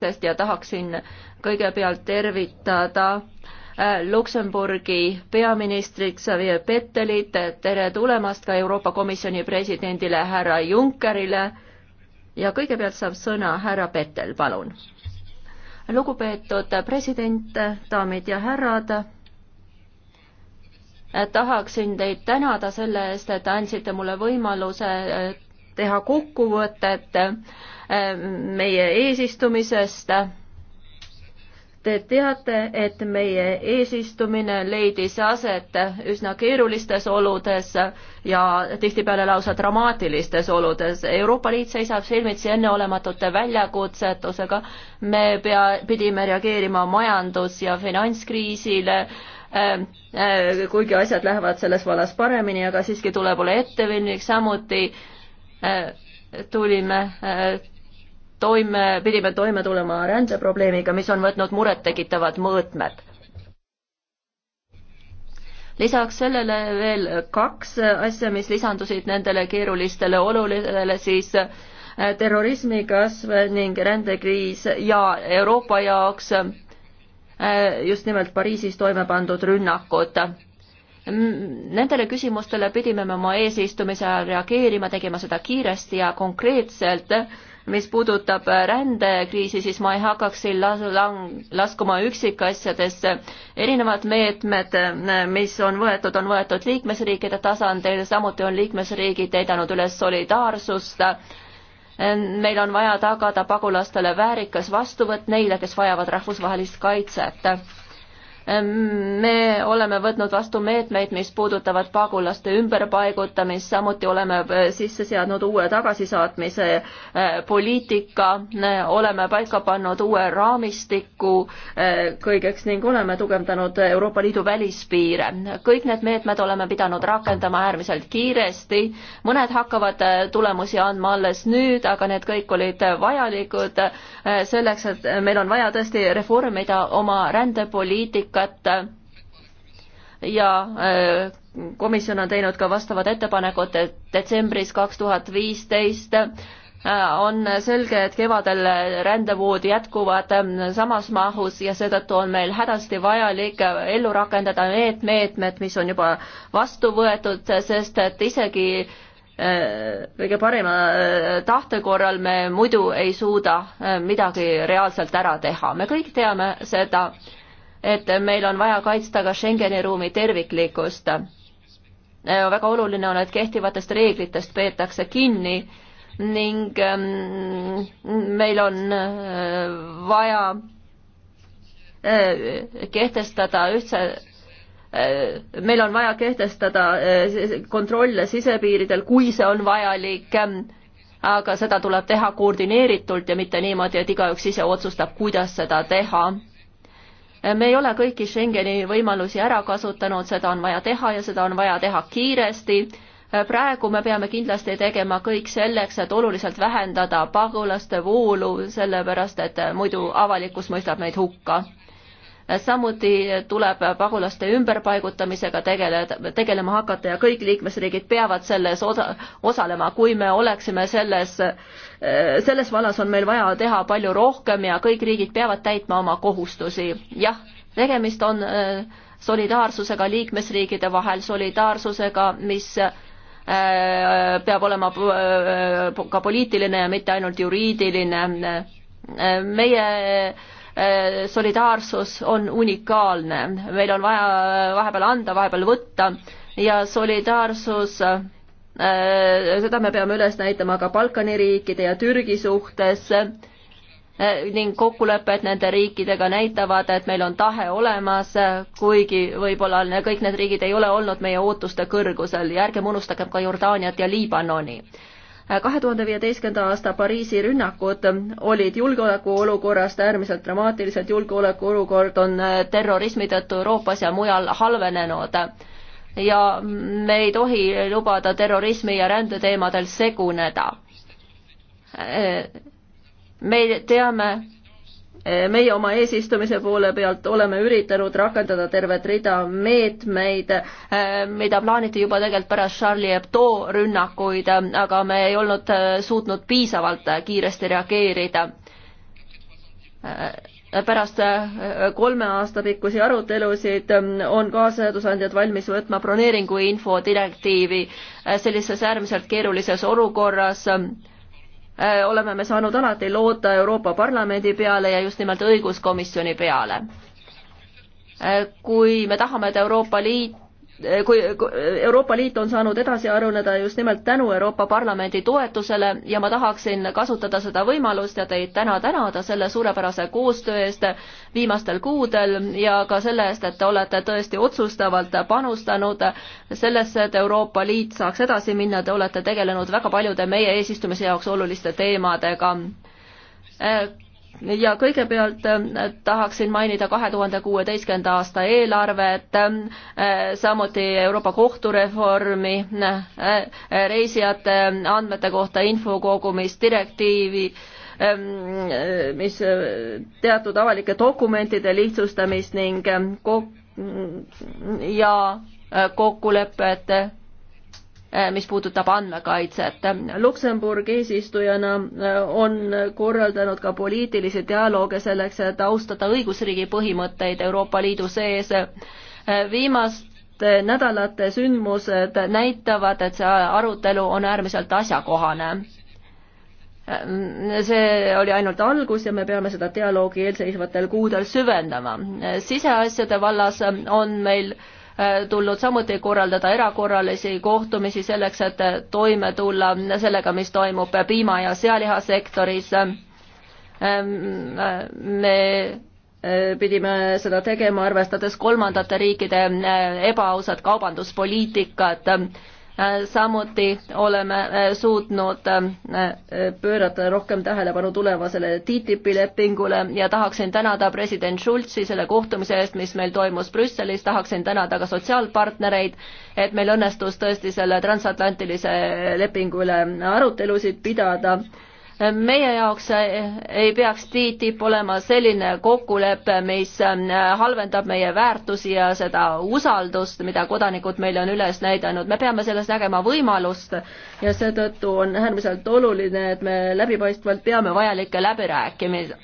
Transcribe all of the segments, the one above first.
sest ja tahaksin kõigepealt tervitada äh, Luksemburgi peaministrit Xavier Pettelit, tere tulemast ka Euroopa Komisjoni presidendile härra Junckerile ja kõigepealt saab sõna härra Pettel, palun. lugupeetud president, daamid ja härrad, äh, tahaksin teid tänada selle eest, et andsite mulle võimaluse äh, teha kokkuvõtet äh, meie eesistumisest. Te teate, et meie eesistumine leidis aset üsna keerulistes oludes ja tihtipeale lausa dramaatilistes oludes. Euroopa Liit seisab silmitsi enneolematute väljakutsetusega. me pea, pidime reageerima majandus- ja finantskriisile äh, äh, kuigi asjad lähevad selles vallas paremini, aga siiski tuleb olla ettevinnik, samuti Äh, tulime äh, toime, pidime toime tulema rändeprobleemiga, mis on võtnud murettekitavad mõõtmed. lisaks sellele veel kaks asja, mis lisandusid nendele keerulistele olulistele, siis äh, terrorismi kasv ning rändekriis ja Euroopa jaoks just nimelt Pariisis toime pandud rünnakud Nendele küsimustele pidime me oma eesistumise ajal reageerima, tegema seda kiiresti ja konkreetselt. mis puudutab rändekriisi, siis ma ei hakkaks siin las-, laskuma üksikasjadesse. erinevad meetmed, mis on võetud, on võetud liikmesriikide tasandil, samuti on liikmesriigid täidanud üles solidaarsust meil on vaja tagada pagulastele väärikas vastuvõtt neile, kes vajavad rahvusvahelist kaitset me oleme võtnud vastu meetmeid, mis puudutavad pagulaste ümberpaigutamist, samuti oleme äh, sisse seadnud uue tagasisaatmise äh, poliitika, oleme paika pannud uue raamistiku äh, kõigeks ning oleme tugevdanud Euroopa Liidu välispiire. kõik need meetmed oleme pidanud rakendama äärmiselt kiiresti, mõned hakkavad tulemusi andma alles nüüd, aga need kõik olid vajalikud selleks, et meil on vaja tõesti reformida oma rändepoliitikat, poliitikat ja äh, komisjon on teinud ka vastavad ettepanekud, et detsembris kaks tuhat viisteist äh, on selge, et kevadel rändevood jätkuvad äh, samas mahus ja seetõttu on meil hädasti vajalik ellu rakendada need meetmed, mis on juba vastu võetud, sest et isegi kõige parima tahte korral me muidu ei suuda midagi reaalselt ära teha. me kõik teame seda, et meil on vaja kaitsta ka Schengeni ruumi terviklikkust. väga oluline on, et kehtivatest reeglitest peetakse kinni ning mm, äh, äh, äh, meil on vaja kehtestada ühtse meil on vaja kehtestada kontrolle sisepiiridel, kui see on vajalik, aga seda tuleb teha koordineeritult ja mitte niimoodi, et igaüks ise otsustab, kuidas seda teha me ei ole kõiki Schengeni võimalusi ära kasutanud, seda on vaja teha ja seda on vaja teha kiiresti. praegu me peame kindlasti tegema kõik selleks, et oluliselt vähendada pagulaste voolu, sellepärast et muidu avalikkus mõistab meid hukka samuti tuleb pagulaste ümberpaigutamisega tegeleda, tegelema hakata ja kõik liikmesriigid peavad selles osa, osalema, kui me oleksime selles, selles vallas on meil vaja teha palju rohkem ja kõik riigid peavad täitma oma kohustusi. jah, tegemist on solidaarsusega liikmesriikide vahel, solidaarsusega, mis peab olema ka poliitiline ja mitte ainult juriidiline. meie Äh, solidaarsus on unikaalne, meil on vaja äh, vahepeal anda, vahepeal võtta ja solidaarsus äh, seda me peame üles näitama ka Balkani riikide ja Türgi suhtes ning kokkulepped nende riikidega näitavad, et meil on tahe olemas, kuigi võib-olla kõik need riigid ei ole olnud meie ootuste kõrgusel ja ärgem unustagem ka Jordaaniat ja Liibanoni kahe tuhande viieteistkümnenda aasta Pariisi rünnakud olid julgeolekuolukorrast äärmiselt dramaatilised, julgeolekuolukord on äh, terrorismi tõttu Euroopas ja mujal halvenenud ja me ei tohi lubada terrorismi ja rändeteemadel seguneda. Äh, me teame, meie oma eesistumise poole pealt oleme üritanud rakendada tervet rida meetmeid, eh, mida plaaniti juba tegelikult pärast Charlie Hebdo rünnakuid, aga me ei olnud eh, suutnud piisavalt eh, kiiresti reageerida pärast kolme aasta pikkusi arutelusid on kaasseadusandjad valmis võtma broneeringu info direktiivi sellises äärmiselt keerulises olukorras Äh, oleme me saanud alati loota Euroopa Parlamendi peale ja just nimelt õiguskomisjoni peale. Äh, kui me tahame, et Euroopa Liit Eh, kui Euroopa Liit on saanud edasi aruneda just nimelt tänu Euroopa Parlamendi toetusele ja ma tahaksin kasutada seda võimalust ja teid täna tänada selle suurepärase koostöö eest viimastel kuudel ja ka selle eest, et te olete tõesti otsustavalt panustanud sellesse, et Euroopa Liit saaks edasi minna, te olete tegelenud väga paljude meie eesistumise jaoks oluliste teemadega eh, ja kõigepealt äh, tahaksin mainida kahe tuhande kuueteistkümnenda aasta eelarvet, äh, samuti Euroopa kohtureformi, äh, reisijate andmete kohta info kogumist, direktiivi, ähm, mis teatud avalike dokumentide lihtsustamist ning kok-, ja kokkulepete Äh, mis puudutab andmekaitset. Luksemburg eesistujana äh, on korraldanud ka poliitilisi dialoog selleks, et austada õigusriigi põhimõtteid Euroopa Liidu sees. Äh, viimaste nädalate sündmused näitavad, et see arutelu on äärmiselt asjakohane see oli ainult algus ja me peame seda dialoogi eelseisvatel kuudel süvendama. siseasjade vallas on meil äh, tulnud samuti korraldada erakorralisi kohtumisi selleks, et toime tulla sellega, mis toimub piima- ja sealihasektoris. Ehm, me eh, pidime seda tegema, arvestades kolmandate riikide eh, ebaausat kaubanduspoliitikat samuti oleme äh, suutnud äh, pöörata rohkem tähelepanu tulevasele TTIP-i lepingule ja tahaksin tänada president Schulzi selle kohtumise eest, mis meil toimus Brüsselis, tahaksin tänada ka sotsiaalpartnereid, et meil õnnestus tõesti selle transatlantilise lepingu üle arutelusid pidada meie jaoks ei peaks TTIP olema selline kokkulepe, mis ähm, halvendab meie väärtusi ja seda usaldust, mida kodanikud meile on üles näidanud. me peame selles nägema võimalust ja seetõttu on äärmiselt oluline, et me läbipaistvalt peame vajalikke läbirääkimisi.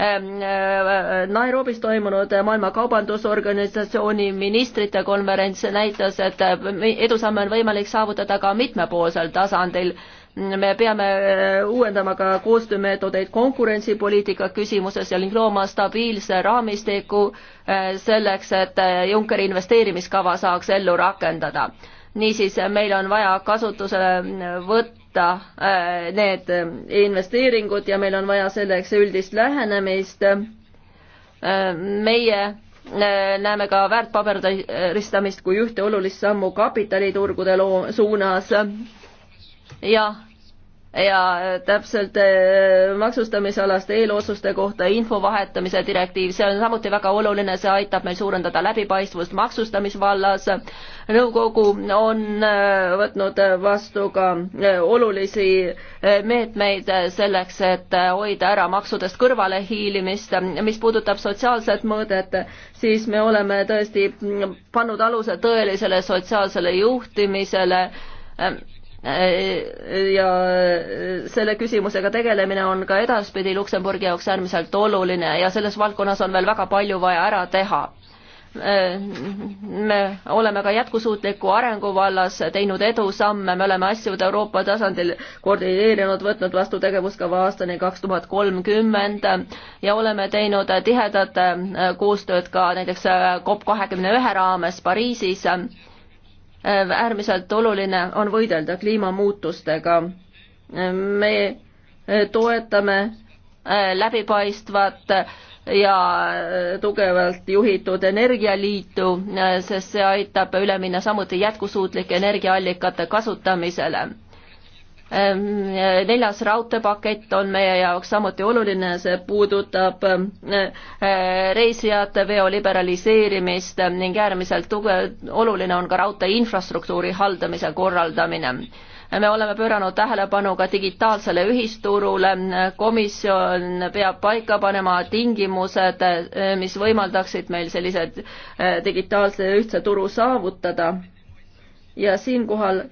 Ähm, äh, Nairobis toimunud Maailma Kaubandusorganisatsiooni ministrite konverents näitas, et äh, edusamme on võimalik saavutada ka mitmepoolsel tasandil me peame äh, uuendama ka koostöömeetodeid konkurentsipoliitika küsimuses ja ning looma stabiilse raamistiku äh, selleks, et äh, Junckeri investeerimiskava saaks ellu rakendada. niisiis, meil on vaja kasutusele võtta need investeeringud ja meil on vaja selleks üldist lähenemist. meie näeme ka väärtpaberdaristamist kui ühte olulist sammu kapitaliturgude loo-, suunas ja ja äh, täpselt äh, maksustamisalaste eelotsuste kohta info vahetamise direktiiv, see on samuti väga oluline, see aitab meil suurendada läbipaistvust maksustamisvallas. nõukogu on äh, võtnud vastu ka olulisi meetmeid selleks, et hoida ära maksudest kõrvalehiilimist. mis puudutab sotsiaalset mõõdet, siis me oleme tõesti mm, pannud aluse tõelisele sotsiaalsele juhtimisele Äh, ja äh, selle küsimusega tegelemine on ka edaspidi Luksemburgi jaoks äärmiselt oluline ja selles valdkonnas on veel väga palju vaja ära teha. Äh, me oleme ka jätkusuutliku arengu vallas teinud edusamme, me oleme asjad Euroopa tasandil koordineerinud, võtnud vastu tegevuskava aastani kaks tuhat kolmkümmend ja oleme teinud tihedat koostööd ka näiteks COP kahekümne ühe raames Pariisis Äh, äärmiselt oluline on võidelda kliimamuutustega. Äh, me äh, toetame läbipaistvat ja tugevalt juhitud energialiitu, sest see aitab üle minna samuti jätkusuutlike energiaallikate kasutamisele Ähm, neljas raudteepakett on meie jaoks samuti oluline, see puudutab äh, reisijate veo liberaliseerimist ning äärmiselt tugev, oluline on ka raudtee infrastruktuuri haldamise korraldamine me oleme pööranud tähelepanu ka digitaalsele ühisturule, komisjon peab paika panema tingimused, äh, mis võimaldaksid meil sellised äh, digitaalse ühtse turu saavutada. ja siinkohal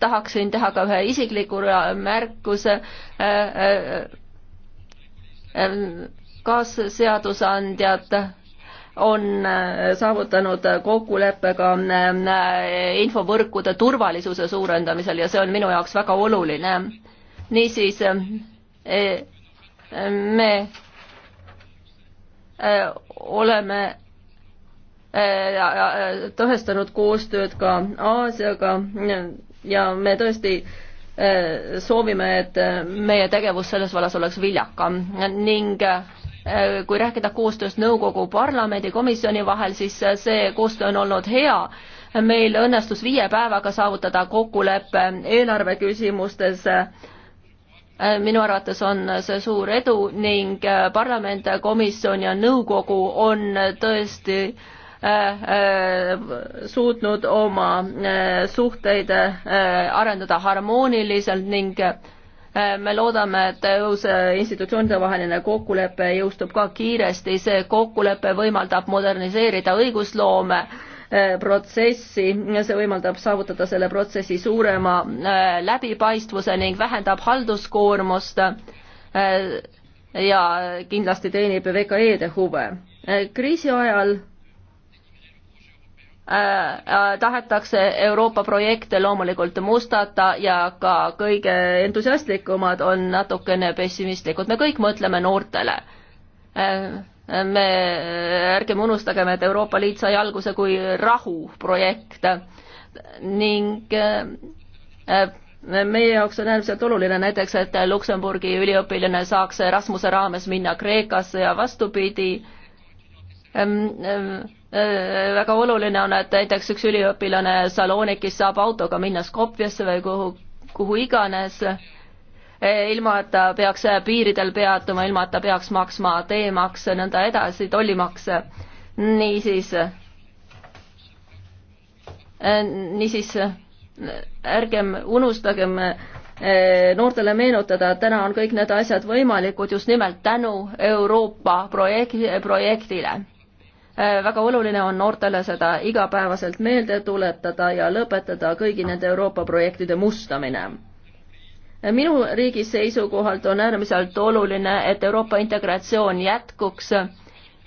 tahaksin teha ka ühe isikliku märkuse kaasseadusandjad on saavutanud kokkuleppe ka infovõrkude turvalisuse suurendamisel ja see on minu jaoks väga oluline. niisiis me oleme tõestanud koostööd ka Aasiaga ja me tõesti äh, soovime, et äh, meie tegevus selles vallas oleks viljakam ning äh, kui rääkida koostööst nõukogu parlamendi komisjoni vahel, siis see koostöö on olnud hea meil õnnestus viie päevaga saavutada kokkulepe eelarve küsimustes. minu arvates on see suur edu ning parlament, komisjon ja nõukogu on tõesti äh, Äh, äh, suutnud oma äh, suhteid arendada harmooniliselt ning me loodame, et uus institutsioonide vaheline kokkulepe jõustub ka kiiresti, see kokkulepe võimaldab moderniseerida õigusloome protsessi, see võimaldab saavutada selle protsessi suurema läbipaistvuse ning vähendab halduskoormust ja kindlasti teenib VKE-de huve. kriisi ajal Äh, äh, tahetakse Euroopa projekte loomulikult mustata ja ka kõige entusiastlikumad on natukene pessimistlikud, me kõik mõtleme noortele. Äh, me, ärgem unustagem, et Euroopa Liit sai alguse kui rahuprojekt ning meie jaoks on äärmiselt oluline näiteks, et Luksemburgi üliõpilane saaks Rasmuse raames minna Kreekasse ja vastupidi Äh, väga oluline on, et näiteks üks üliõpilane Salonikis saab autoga minna Skopjasse või kuhu, kuhu iganes, äh, ilma et ta peaks piiridel peatuma, ilma et ta peaks maksma teemakse, nõnda edasi, tollimakse. niisiis, äh, niisiis ärgem unustagem noortele meenutada, et täna on kõik need asjad võimalikud just nimelt tänu Euroopa projekt, projektile Äh, väga oluline on noortele seda igapäevaselt meelde tuletada ja lõpetada kõigi nende Euroopa projektide mustamine äh, minu riigi seisukohalt on äärmiselt oluline, et Euroopa integratsioon jätkuks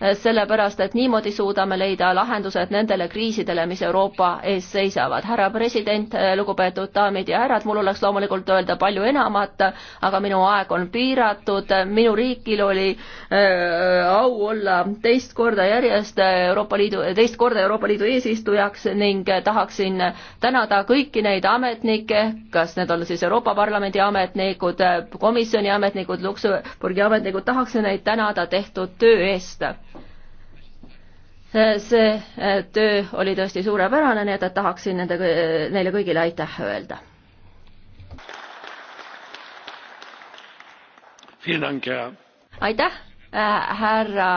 Eh, sellepärast et niimoodi suudame leida lahendused nendele kriisidele, mis Euroopa ees seisavad. härra president, eh, lugupeetud daamid ja härrad, mul oleks loomulikult öelda palju enamat, aga minu aeg on piiratud, minu riikil oli äh, au olla teist korda järjest Euroopa Liidu, teist korda Euroopa Liidu eesistujaks ning tahaksin tänada kõiki neid ametnikke, kas need on siis Euroopa Parlamendi ametnikud, komisjoni ametnikud, Luksemburgi ametnikud, tahaksin neid tänada tehtud töö eest Eh, see eh, töö oli tõesti suurepärane, nii et, et tahaksin nende, neile kõigile aitäh öelda. aitäh, eh, härra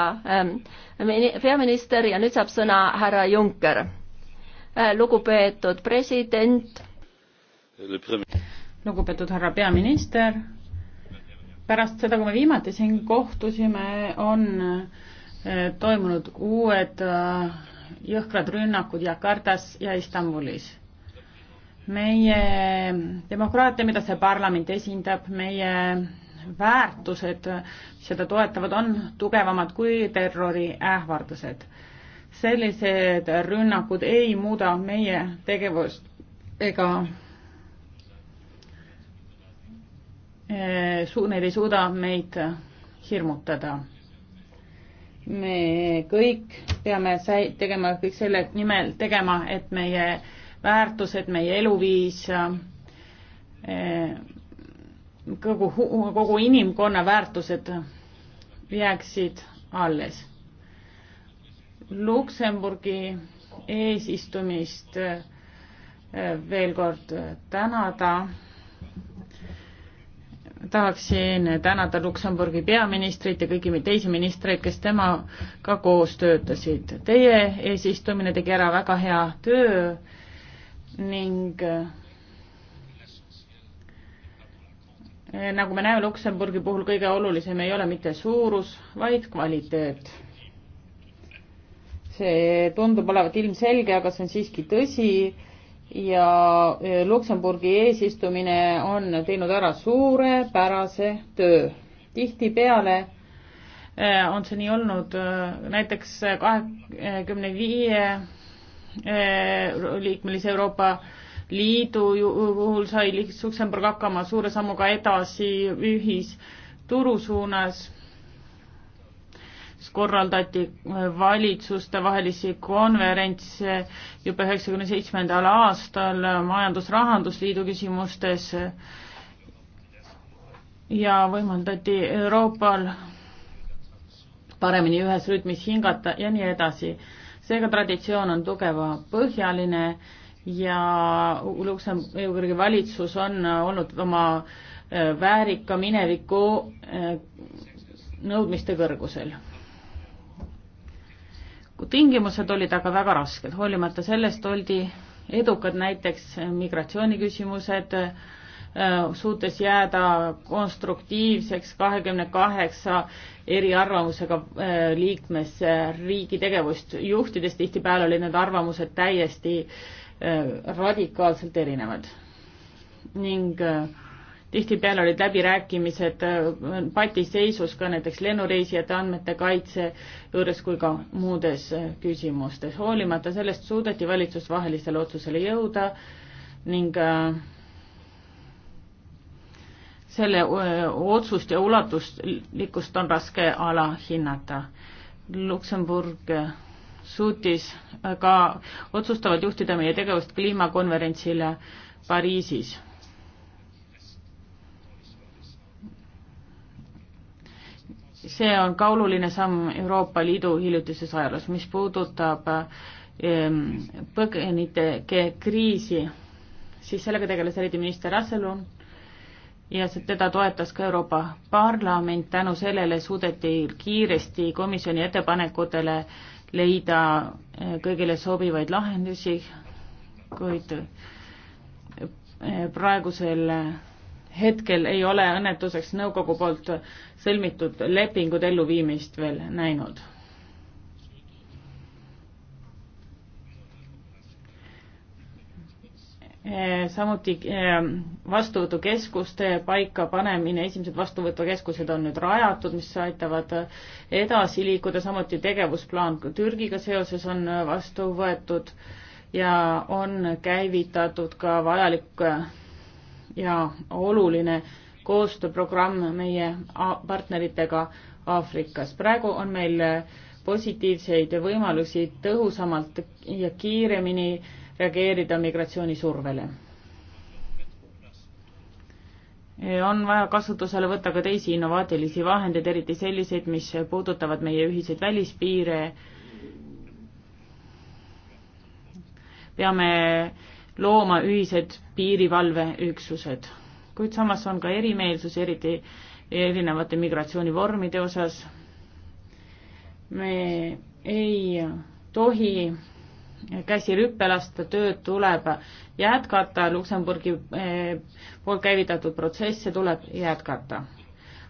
peaminister ja nüüd saab sõna härra Juncker. lugupeetud president. lugupeetud härra peaminister. pärast seda, kui me viimati siin kohtusime, on Eh, toimunud uued eh, jõhkrad rünnakud Jakartas ja Istanbulis. meie demokraatia, mida see parlament esindab, meie väärtused, mis seda toetavad, on tugevamad kui terrori ähvardused. sellised rünnakud ei muuda meie tegevust ega eh, su-, need ei suuda meid hirmutada me kõik peame säi-, tegema kõik selle nimel tegema, et meie väärtused, meie eluviis, eh, kogu, kogu inimkonna väärtused jääksid alles. Luksemburgi eesistumist eh, veel kord tänada tahaksin tänada Luksemburgi peaministrit ja kõiki teisi ministreid, kes temaga koos töötasid. Teie eesistumine tegi ära väga hea töö ning eh, nagu me näeme, Luksemburgi puhul kõige olulisem ei ole mitte suurus, vaid kvaliteet. see tundub olevat ilmselge, aga see on siiski tõsi ja e, Luksemburgi eesistumine on teinud ära suurepärase töö. tihtipeale e, on see nii olnud e, näiteks kahekümne viie liikmelise Euroopa Liidu puhul sai Luksemburg hakkama suure sammuga edasi ühisturu suunas korraldati äh, valitsustevahelisi konverentse juba üheksakümne seitsmendal aastal äh, Majandus-Rahandusliidu küsimustes äh, ja võimaldati Euroopal paremini ühes rütmis hingata ja nii edasi. seega traditsioon on tugeva põhjaline ja Luksemburgi valitsus on olnud oma väärika mineviku nõudmiste kõrgusel kui tingimused olid aga väga rasked, hoolimata sellest oldi edukad näiteks migratsiooniküsimused, äh, suutes jääda konstruktiivseks kahekümne kaheksa eriarvamusega äh, liikmesriigi tegevust juhtides, tihtipeale olid need arvamused täiesti äh, radikaalselt erinevad. ning äh, tihtipeale olid läbirääkimised patiseisus äh, ka näiteks lennureisijate andmete kaitse juures kui ka muudes äh, küsimustes. hoolimata sellest suudeti valitsusvahelisele otsusele jõuda ning äh, selle otsust ja ulatuslikkust on raske alahinnata. Luksemburg suutis ka otsustavalt juhtida meie tegevust kliimakonverentsile Pariisis see on ka oluline samm Euroopa Liidu hiljutises ajaloos, mis puudutab ehm, põgenike kriisi, siis sellega tegeles eriti minister Asselun ja teda toetas ka Euroopa Parlament, tänu sellele suudeti kiiresti komisjoni ettepanekutele leida eh, kõigile sobivaid lahendusi, kuid eh, praegusel hetkel ei ole õnnetuseks nõukogu poolt sõlmitud lepingud elluviimist veel näinud. samuti eh, vastuvõtukeskuste paikapanemine, esimesed vastuvõtukeskused on nüüd rajatud, mis aitavad edasi liikuda, samuti tegevusplaan Türgiga seoses on vastu võetud ja on käivitatud ka vajalik ja oluline koostööprogramm meie partneritega Aafrikas. praegu on meil positiivseid võimalusi tõhusamalt ja kiiremini reageerida migratsioonisurvele. on vaja kasutusele võtta ka teisi innovaatilisi vahendeid, eriti selliseid, mis puudutavad meie ühiseid välispiire. peame äh, looma ühised piirivalveüksused. kuid samas on ka erimeelsusi, eriti erinevate migratsioonivormide osas. me ei tohi käsi rüppe lasta, tööd tuleb jätkata, Luksemburgi eh, poolt käivitatud protsesse tuleb jätkata.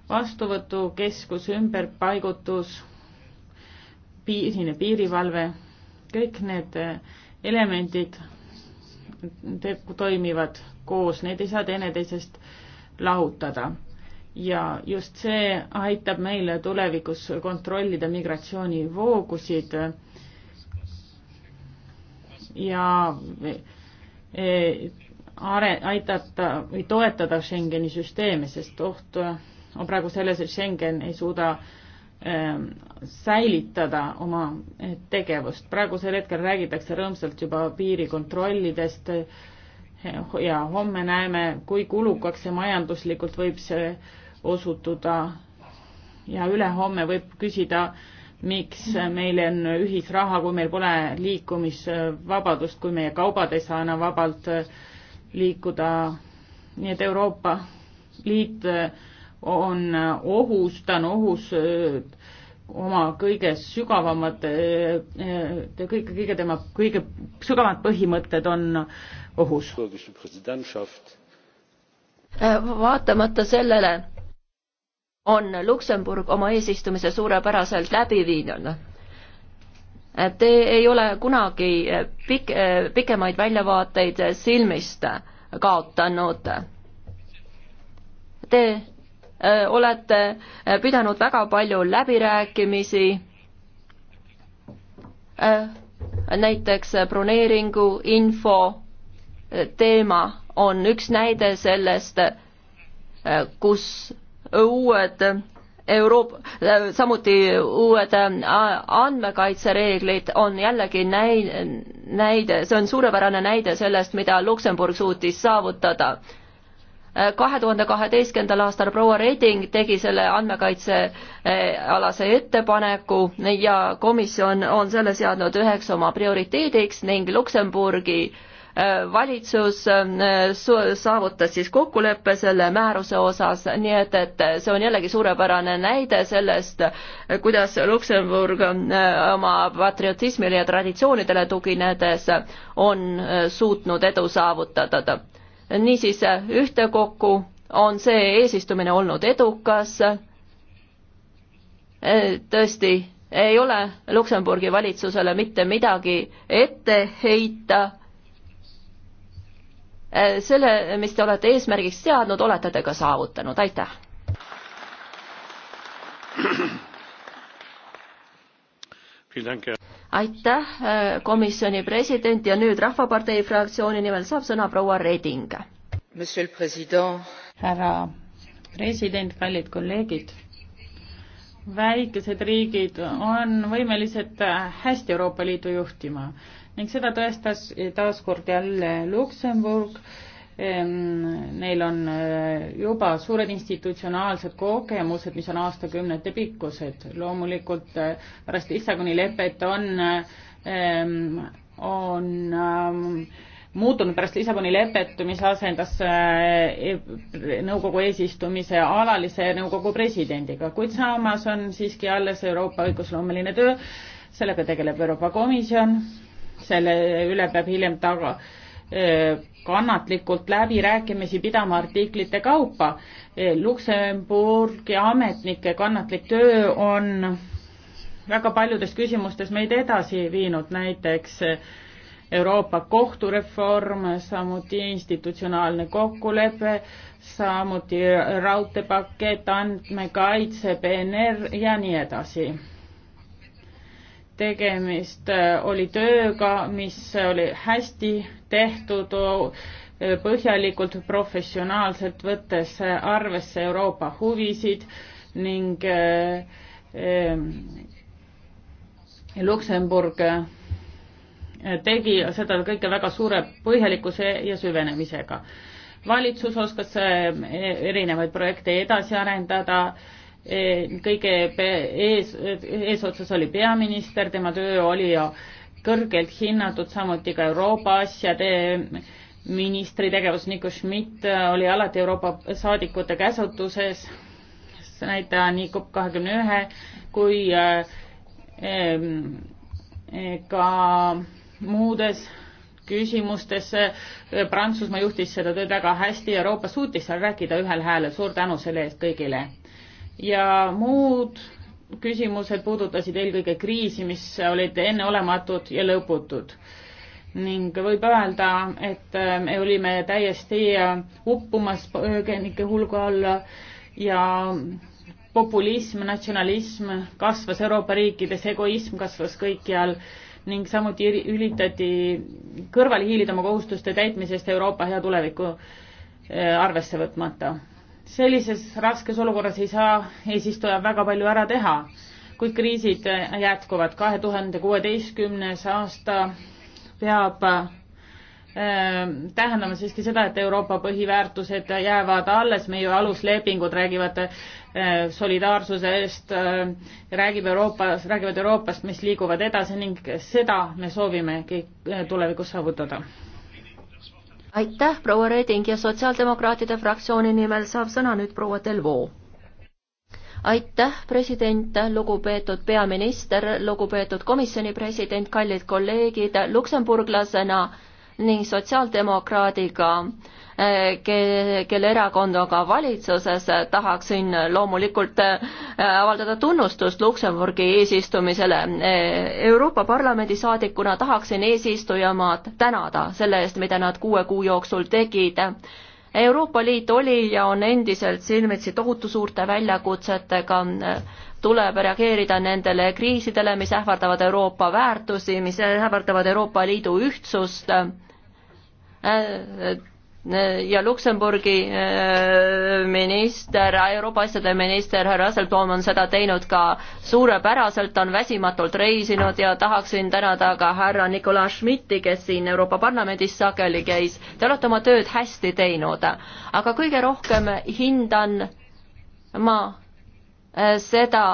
vastuvõtukeskus, ümberpaigutus, piirine piirivalve, kõik need eh, elemendid te-, toimivad koos, neid ei saa teineteisest lahutada. ja just see aitab meil tulevikus kontrollida migratsioonivoogusid ja e, are-, aidata või toetada Schengeni süsteemi, sest oht on praegu selles, et Schengen ei suuda äh, Ähm, säilitada oma tegevust. praegusel hetkel räägitakse rõõmsalt juba piirikontrollidest eh, ja homme näeme, kui kulukaks see majanduslikult võib see osutuda. ja ülehomme võib küsida, miks meil on ühisraha, kui meil pole liikumisvabadust, kui meie kaubad ei saa enam vabalt eh, liikuda. nii et Euroopa Liit eh, on ohus, ta on ohus äh, oma kõige sügavamad, äh, äh, kõik, kõige tema kõige sügavamad põhimõtted on ohus. vaatamata sellele on Luksemburg oma eesistumise suurepäraselt läbi viinud. Te ei ole kunagi pik-, pikemaid väljavaateid silmist kaotanud. Te olete pidanud väga palju läbirääkimisi, näiteks broneeringu info teema on üks näide sellest, kus uued Euroopa, samuti uued andmekaitsereeglid on jällegi näi-, näide, see on suurepärane näide sellest, mida Luksemburg suutis saavutada kahe tuhande kaheteistkümnendal aastal proua Reding tegi selle andmekaitsealase eh, ettepaneku ja komisjon on selle seadnud üheks oma prioriteediks ning Luksemburgi eh, valitsus eh, saavutas siis kokkuleppe selle määruse osas, nii et, et see on jällegi suurepärane näide sellest, kuidas Luksemburg oma patriotismile ja traditsioonidele tuginedes on suutnud edu saavutada niisiis ühtekokku on see eesistumine olnud edukas. tõesti, ei ole Luksemburgi valitsusele mitte midagi ette heita. selle, mis te olete eesmärgiks seadnud, olete te ka saavutanud, aitäh. Vielen Dank, Herr aitäh, äh, komisjoni president ja nüüd Rahvapartei fraktsiooni nimel saab sõna proua Reding. härra president, kallid kolleegid. väikesed riigid on võimelised hästi Euroopa Liitu juhtima ning seda tõestas taaskord jälle Luksemburg Ehm, neil on äh, juba suured institutsionaalsed kogemused, mis on aastakümnete pikkused. loomulikult äh, pärast Lissaboni lepet on, ehm, on ähm, muutunud pärast Lissaboni lepet, mis asendas äh, e-, nõukogu eesistumise alalise nõukogu presidendiga, kuid samas on siiski alles Euroopa õigusloomeline töö, sellega tegeleb Euroopa Komisjon, selle üle peab hiljem taga kannatlikult läbirääkimisi pidama artiklite kaupa. Luksemburgi ametnike kannatlik töö on väga paljudes küsimustes meid edasi viinud, näiteks Euroopa kohtureform, samuti institutsionaalne kokkulepe, samuti raudteepakett, andmekaitse, PNR ja nii edasi tegemist äh, oli tööga, mis oli hästi tehtud, äh, põhjalikult, professionaalselt, võttes arvesse Euroopa huvisid ning äh, Luksemburg tegi seda kõike väga suure põhjalikkuse ja süvenemisega. valitsus oskas erinevaid projekte edasi arendada Eh, kõige ees, eesotsas oli peaminister, tema töö oli ju kõrgelt hinnatud, samuti ka Euroopa asjade ministri tegevus, Nico Schmidt äh, oli alati Euroopa saadikute käsutuses, näitaja on nii COP kahekümne ühe kui äh, eh, ka muudes küsimustes. Äh, Prantsusmaa juhtis seda tööd väga hästi, Euroopa suutis seal rääkida ühel häälel, suur tänu selle eest kõigile ja muud küsimused puudutasid eelkõige kriisi, mis olid enneolematud ja lõputud. ning võib öelda, et ähm, me olime täiesti äh, uppumas põgenike hulga alla ja populism, natsionalism kasvas Euroopa riikides, egoism kasvas kõikjal ning samuti üritati kõrvale hiilida oma kohustuste täitmisest Euroopa hea tuleviku äh, arvesse võtmata sellises raskes olukorras ei saa eesistuja väga palju ära teha, kuid kriisid jätkuvad. kahe tuhande kuueteistkümnes aasta peab ähm, tähendame siiski seda, et Euroopa põhiväärtused jäävad alles, meie aluslepingud räägivad äh, solidaarsuse eest, äh, räägib Euroopas, räägivad Euroopast, mis liiguvad edasi ning seda me soovime kõik äh, tulevikus saavutada aitäh, proua Reding ja Sotsiaaldemokraatide fraktsiooni nimel saab sõna nüüd proua Delvaux. aitäh, president, lugupeetud peaminister, lugupeetud komisjoni president, kallid kolleegid, luksemburglasena ning sotsiaaldemokraadiga äh, ke-, kelle erakond on ka valitsuses, tahaksin loomulikult äh, avaldada tunnustust Luksemburgi eesistumisele. Äh, Euroopa Parlamendi saadikuna tahaksin eesistujamaad tänada selle eest, mida nad kuue kuu jooksul tegid. Euroopa Liit oli ja on endiselt silmitsi tohutu suurte väljakutsetega, tuleb reageerida nendele kriisidele, mis ähvardavad Euroopa väärtusi, mis ähvardavad Euroopa Liidu ühtsust äh, ja Luksemburgi äh, minister, Euroopa asjade minister härra Asselbaum on seda teinud ka suurepäraselt, on väsimatult reisinud ja tahaksin tänada ka härra Nicolas Schmidti, kes siin Euroopa Parlamendis sageli käis. Te olete oma tööd hästi teinud, aga kõige rohkem hindan ma äh, seda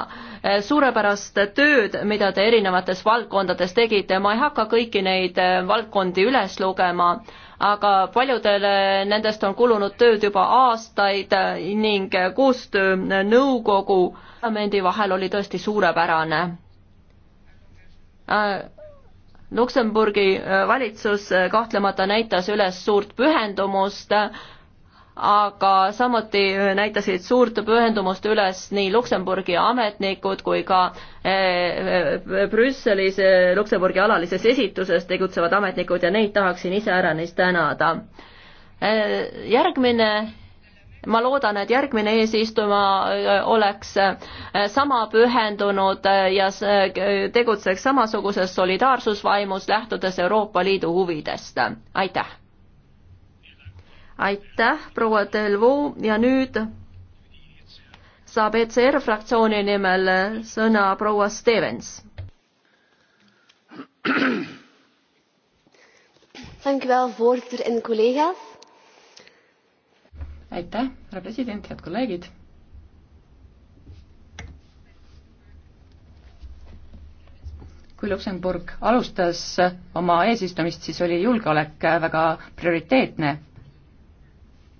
äh, suurepärast tööd, mida te erinevates valdkondades tegite, ma ei hakka kõiki neid valdkondi üles lugema aga paljudele nendest on kulunud tööd juba aastaid ning koostöö nõukogu parlamendi vahel oli tõesti suurepärane. Äh, Luksemburgi äh, valitsus äh, kahtlemata näitas üles suurt pühendumust aga samuti näitasid suurt pühendumust üles nii Luksemburgi ametnikud kui ka eh, Brüsselis eh, Luksemburgi alalises esituses tegutsevad ametnikud ja neid tahaksin iseäranis tänada. Eh, järgmine ma loodan, et järgmine eesistuma oleks sama pühendunud ja tegutseks samasuguses solidaarsusvaimus, lähtudes Euroopa Liidu huvidest. aitäh! aitäh, proua Delvo ja nüüd saab ECR fraktsiooni nimel sõna proua Stevens. aitäh, härra president, head kolleegid kui Luksemburg alustas oma eesistumist, siis oli julgeolek väga prioriteetne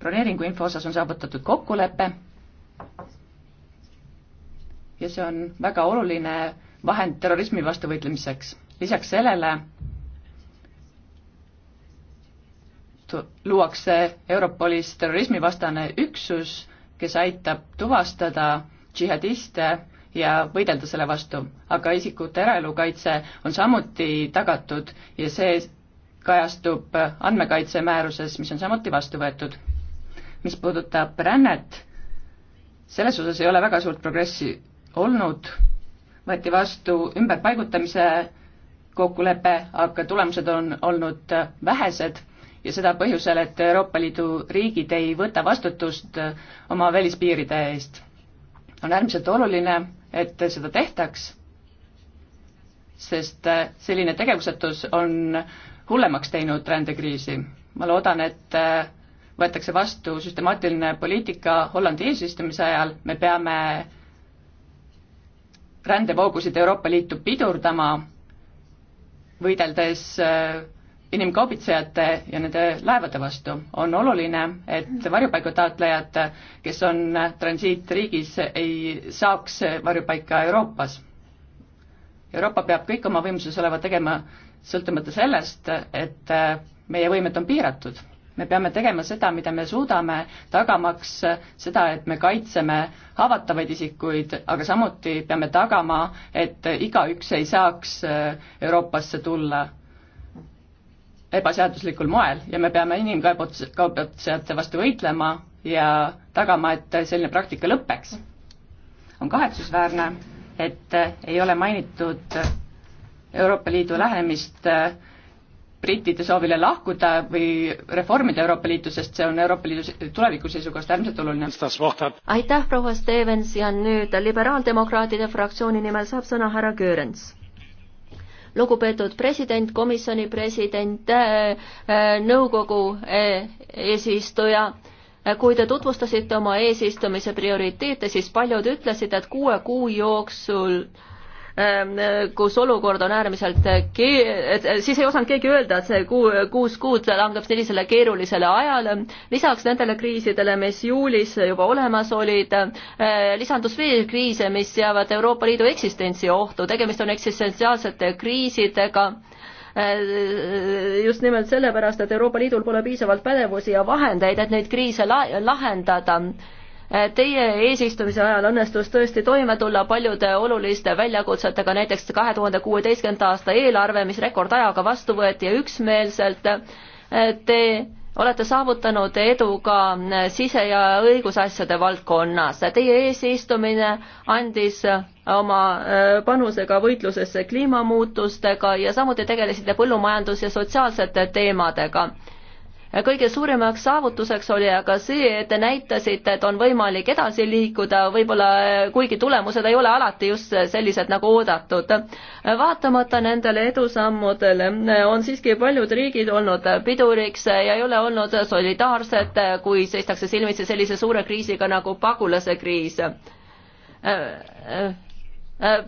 broneeringu info osas on saavutatud kokkulepe ja see on väga oluline vahend terrorismi vastu võitlemiseks. lisaks sellele luuakse Europolis terrorismivastane üksus, kes aitab tuvastada džihadiste ja võidelda selle vastu. aga isikute eraelu kaitse on samuti tagatud ja see kajastub andmekaitsemääruses, mis on samuti vastu võetud mis puudutab rännet, selles osas ei ole väga suurt progressi olnud, võeti vastu ümberpaigutamise kokkulepe, aga tulemused on olnud vähesed ja seda põhjusel, et Euroopa Liidu riigid ei võta vastutust oma välispiiride eest. on äärmiselt oluline, et seda tehtaks, sest selline tegevusetus on hullemaks teinud rändekriisi. ma loodan, et võetakse vastu süstemaatiline poliitika Hollandi eesistumise ajal, me peame rändevoogusid Euroopa Liitu pidurdama, võideldes äh, inimkaubitsejate ja nende laevade vastu. on oluline, et varjupaigataotlejad, kes on transiitriigis, ei saaks varjupaika Euroopas. Euroopa peab kõik oma võimsuses oleva tegema, sõltumata sellest, et äh, meie võimed on piiratud me peame tegema seda, mida me suudame, tagamaks seda, et me kaitseme haavatavaid isikuid, aga samuti peame tagama, et igaüks ei saaks äh, Euroopasse tulla ebaseaduslikul moel ja me peame inimkaubitsejate vastu võitlema ja tagama, et selline praktika lõpeks. on kahetsusväärne, et ei ole mainitud Euroopa Liidu lähenemist äh, brittide soovile lahkuda või reformida Euroopa Liitu, sest see on Euroopa Liidu tuleviku seisukohast äärmiselt oluline. aitäh, proua Stevens ja nüüd liberaaldemokraatide fraktsiooni nimel saab sõna härra Göörens lugupeetud president, komisjoni president, äh, äh, nõukogu äh, eesistuja kui te tutvustasite oma eesistumise prioriteete, siis paljud ütlesid, et kuue kuu jooksul äh, Ehm, kus olukord on äärmiselt kee-, siis ei osanud keegi öelda, et see kuu, kuus kuud langeb sellisele keerulisele ajale. lisaks nendele kriisidele, mis juulis juba olemas olid, eh, lisandus veel kriise, mis seavad Euroopa Liidu eksistentsi ohtu, tegemist on eksistentsiaalsete kriisidega eh, just nimelt sellepärast, et Euroopa Liidul pole piisavalt pädevusi ja vahendeid, et neid kriise la lahendada Teie eesistumise ajal õnnestus tõesti toime tulla paljude oluliste väljakutsetega, näiteks kahe tuhande kuueteistkümnenda aasta eelarve, mis rekordajaga vastu võeti ja üksmeelselt. Eh, te olete saavutanud edu ka eh, sise- ja õigusasjade valdkonnas. Teie eesistumine andis eh, oma panusega võitlusesse kliimamuutustega ja samuti tegelesite põllumajandus- ja sotsiaalsete teemadega kõige suuremaks saavutuseks oli aga see, et te näitasite, et on võimalik edasi liikuda, võib-olla kuigi tulemused ei ole alati just sellised nagu oodatud. vaatamata nendele edusammudele on siiski paljud riigid olnud piduriks ja ei ole olnud solidaarsed, kui seistakse silmitsi sellise suure kriisiga nagu pagulasekriis Äh,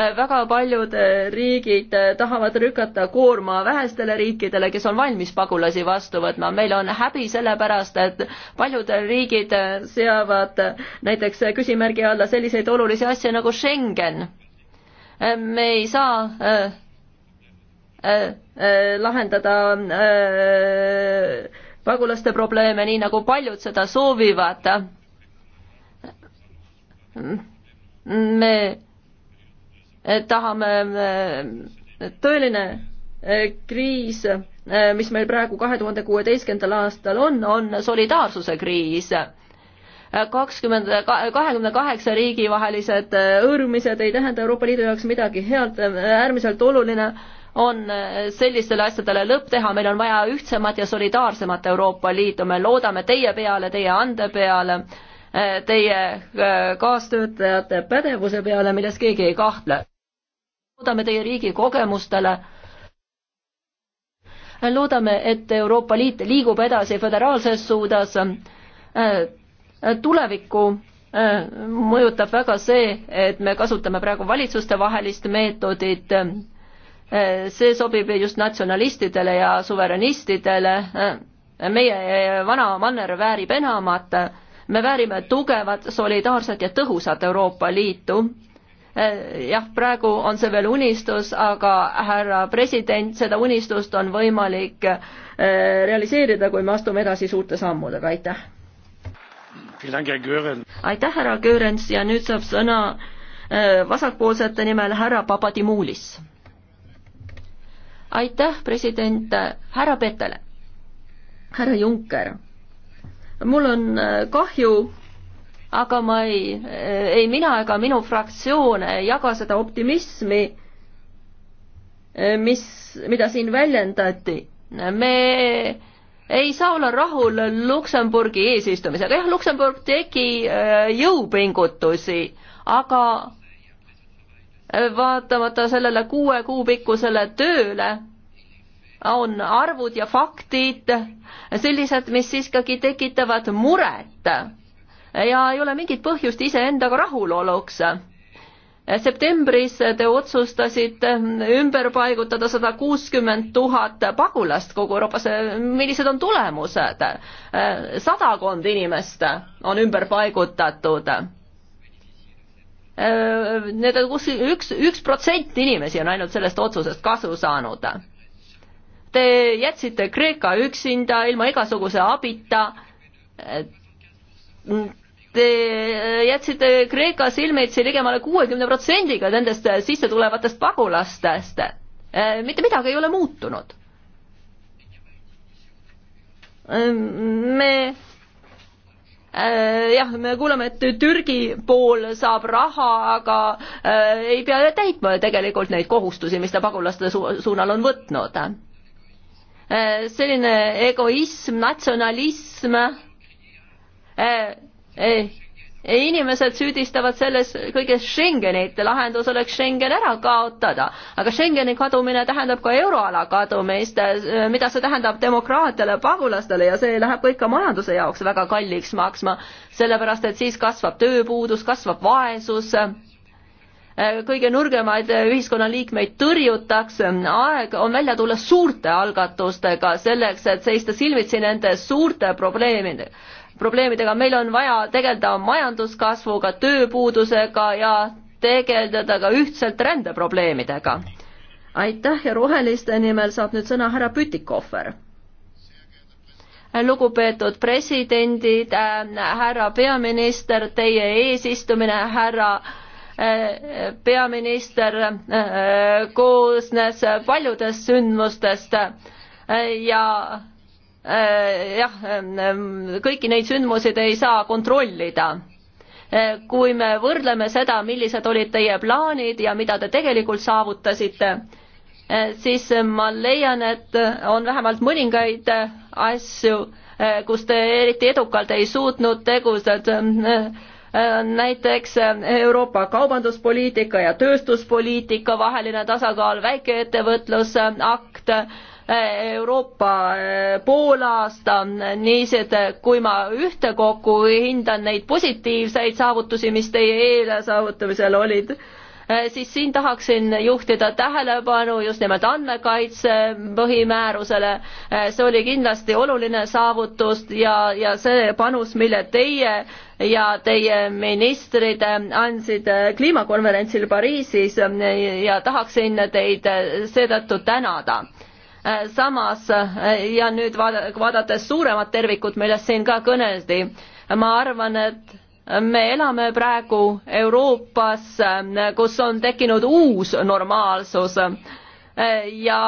äh, väga paljud äh, riigid tahavad lükata koorma vähestele riikidele, kes on valmis pagulasi vastu võtma. meil on häbi sellepärast, et paljud riigid seavad näiteks küsimärgi alla selliseid olulisi asju nagu Schengen. me ei saa äh, äh, äh, lahendada pagulaste probleeme nii, nagu paljud seda soovivad. me tahame tõeline e, kriis, e, mis meil praegu kahe tuhande kuueteistkümnendal aastal on, on solidaarsuse kriis. kakskümmend, kahekümne kaheksa riigi vahelised hõõrumised e, ei tähenda Euroopa Liidu jaoks midagi head, äärmiselt oluline on sellistele asjadele lõpp teha, meil on vaja ühtsemat ja solidaarsemat Euroopa Liitu, me loodame teie peale, teie ande peale, teie kaastöötajate pädevuse peale, milles keegi ei kahtle loodame teie riigi kogemustele. loodame, et Euroopa Liit liigub edasi föderaalses suudas. Äh, tulevikku äh, mõjutab väga see, et me kasutame praegu valitsustevahelist meetodit. Äh, see sobib just natsionalistidele ja suveräänistidele. meie vana manner väärib enamat. me väärime tugevat, solidaarset ja tõhusat Euroopa Liitu Eh, jah, praegu on see veel unistus, aga härra president, seda unistust on võimalik eh, realiseerida, kui me astume edasi suurte sammudega, aitäh. aitäh, härra Göörens ja nüüd saab sõna eh, vasakpoolsete nimel härra Papadimulis. aitäh, president, härra Petele, härra Juncker, mul on kahju aga ma ei, ei mina ega minu fraktsioon ei jaga seda optimismi, mis, mida siin väljendati. me ei saa olla rahul Luksemburgi eesistumisega, jah, Luksemburg tegi äh, jõupingutusi, aga äh, vaatamata sellele kuue kuu pikkusele tööle on arvud ja faktid sellised, mis siiski tekitavad muret ja ei ole mingit põhjust iseendaga rahuloluks septembris te otsustasite ümber paigutada sada kuuskümmend tuhat pagulast kogu Euroopas. millised on tulemused? sadakond inimest on ümber paigutatud. Need on kuskil üks, üks protsent inimesi on ainult sellest otsusest kasu saanud. Te jätsite Kreeka üksinda ilma igasuguse abita Te äh, jätsite Kreeka silmitsi ligemale kuuekümne protsendiga nendest äh, sisse tulevatest pagulastest. Äh, mitte midagi ei ole muutunud. Ähm, me jah, me kuuleme, et Türgi pool saab raha, aga ei pea täitma tegelikult neid kohustusi, mis ta pagulaste su suunal on võtnud. selline egoism, natsionalism inimesed süüdistavad selles kõiges Schengenit, lahendus oleks Schengen ära kaotada, aga Schengeni kadumine tähendab ka euroala kadumist, mida see tähendab demokraatiale, pagulastele ja see läheb kõik ka majanduse jaoks väga kalliks maksma, sellepärast et siis kasvab tööpuudus, kasvab vaesus, kõige nõrgemaid ühiskonnaliikmeid tõrjutakse, aeg on välja tulla suurte algatustega selleks, et seista silmitsi nende suurte probleemidega probleemidega, meil on vaja tegeleda majanduskasvuga, tööpuudusega ja tegeleda ka ühtselt rändeprobleemidega. aitäh ja roheliste nimel saab nüüd sõna härra Pütikohver. lugupeetud presidendid äh,, härra peaminister, teie eesistumine, härra äh, peaminister äh, koosnes paljudest sündmustest äh, ja Äh, jah, ähm, ähm, kõiki neid sündmuseid ei saa kontrollida. Äh, kui me võrdleme seda, millised olid teie plaanid ja mida te tegelikult saavutasite, äh, siis ma leian, et on vähemalt mõningaid asju, kus te eriti edukalt ei suutnud tegutseda. näiteks Euroopa kaubanduspoliitika ja tööstuspoliitika vaheline tasakaal, väikeettevõtluse akt Euroopa poolaasta, niisiis et kui ma ühtekokku hindan neid positiivseid saavutusi, mis teie eelsaavutamisel olid, eh, siis siin tahaksin juhtida tähelepanu just nimelt andmekaitse põhimäärusele. Eh, see oli kindlasti oluline saavutus ja, ja see panus, mille teie ja teie ministrid andsid kliimakonverentsil Pariisis eh, ja tahaksin teid seetõttu tänada Äh, samas äh, ja nüüd vaadates suuremat tervikut, millest siin ka kõneldi, ma arvan, et me elame praegu Euroopas, äh, kus on tekkinud uus normaalsus ja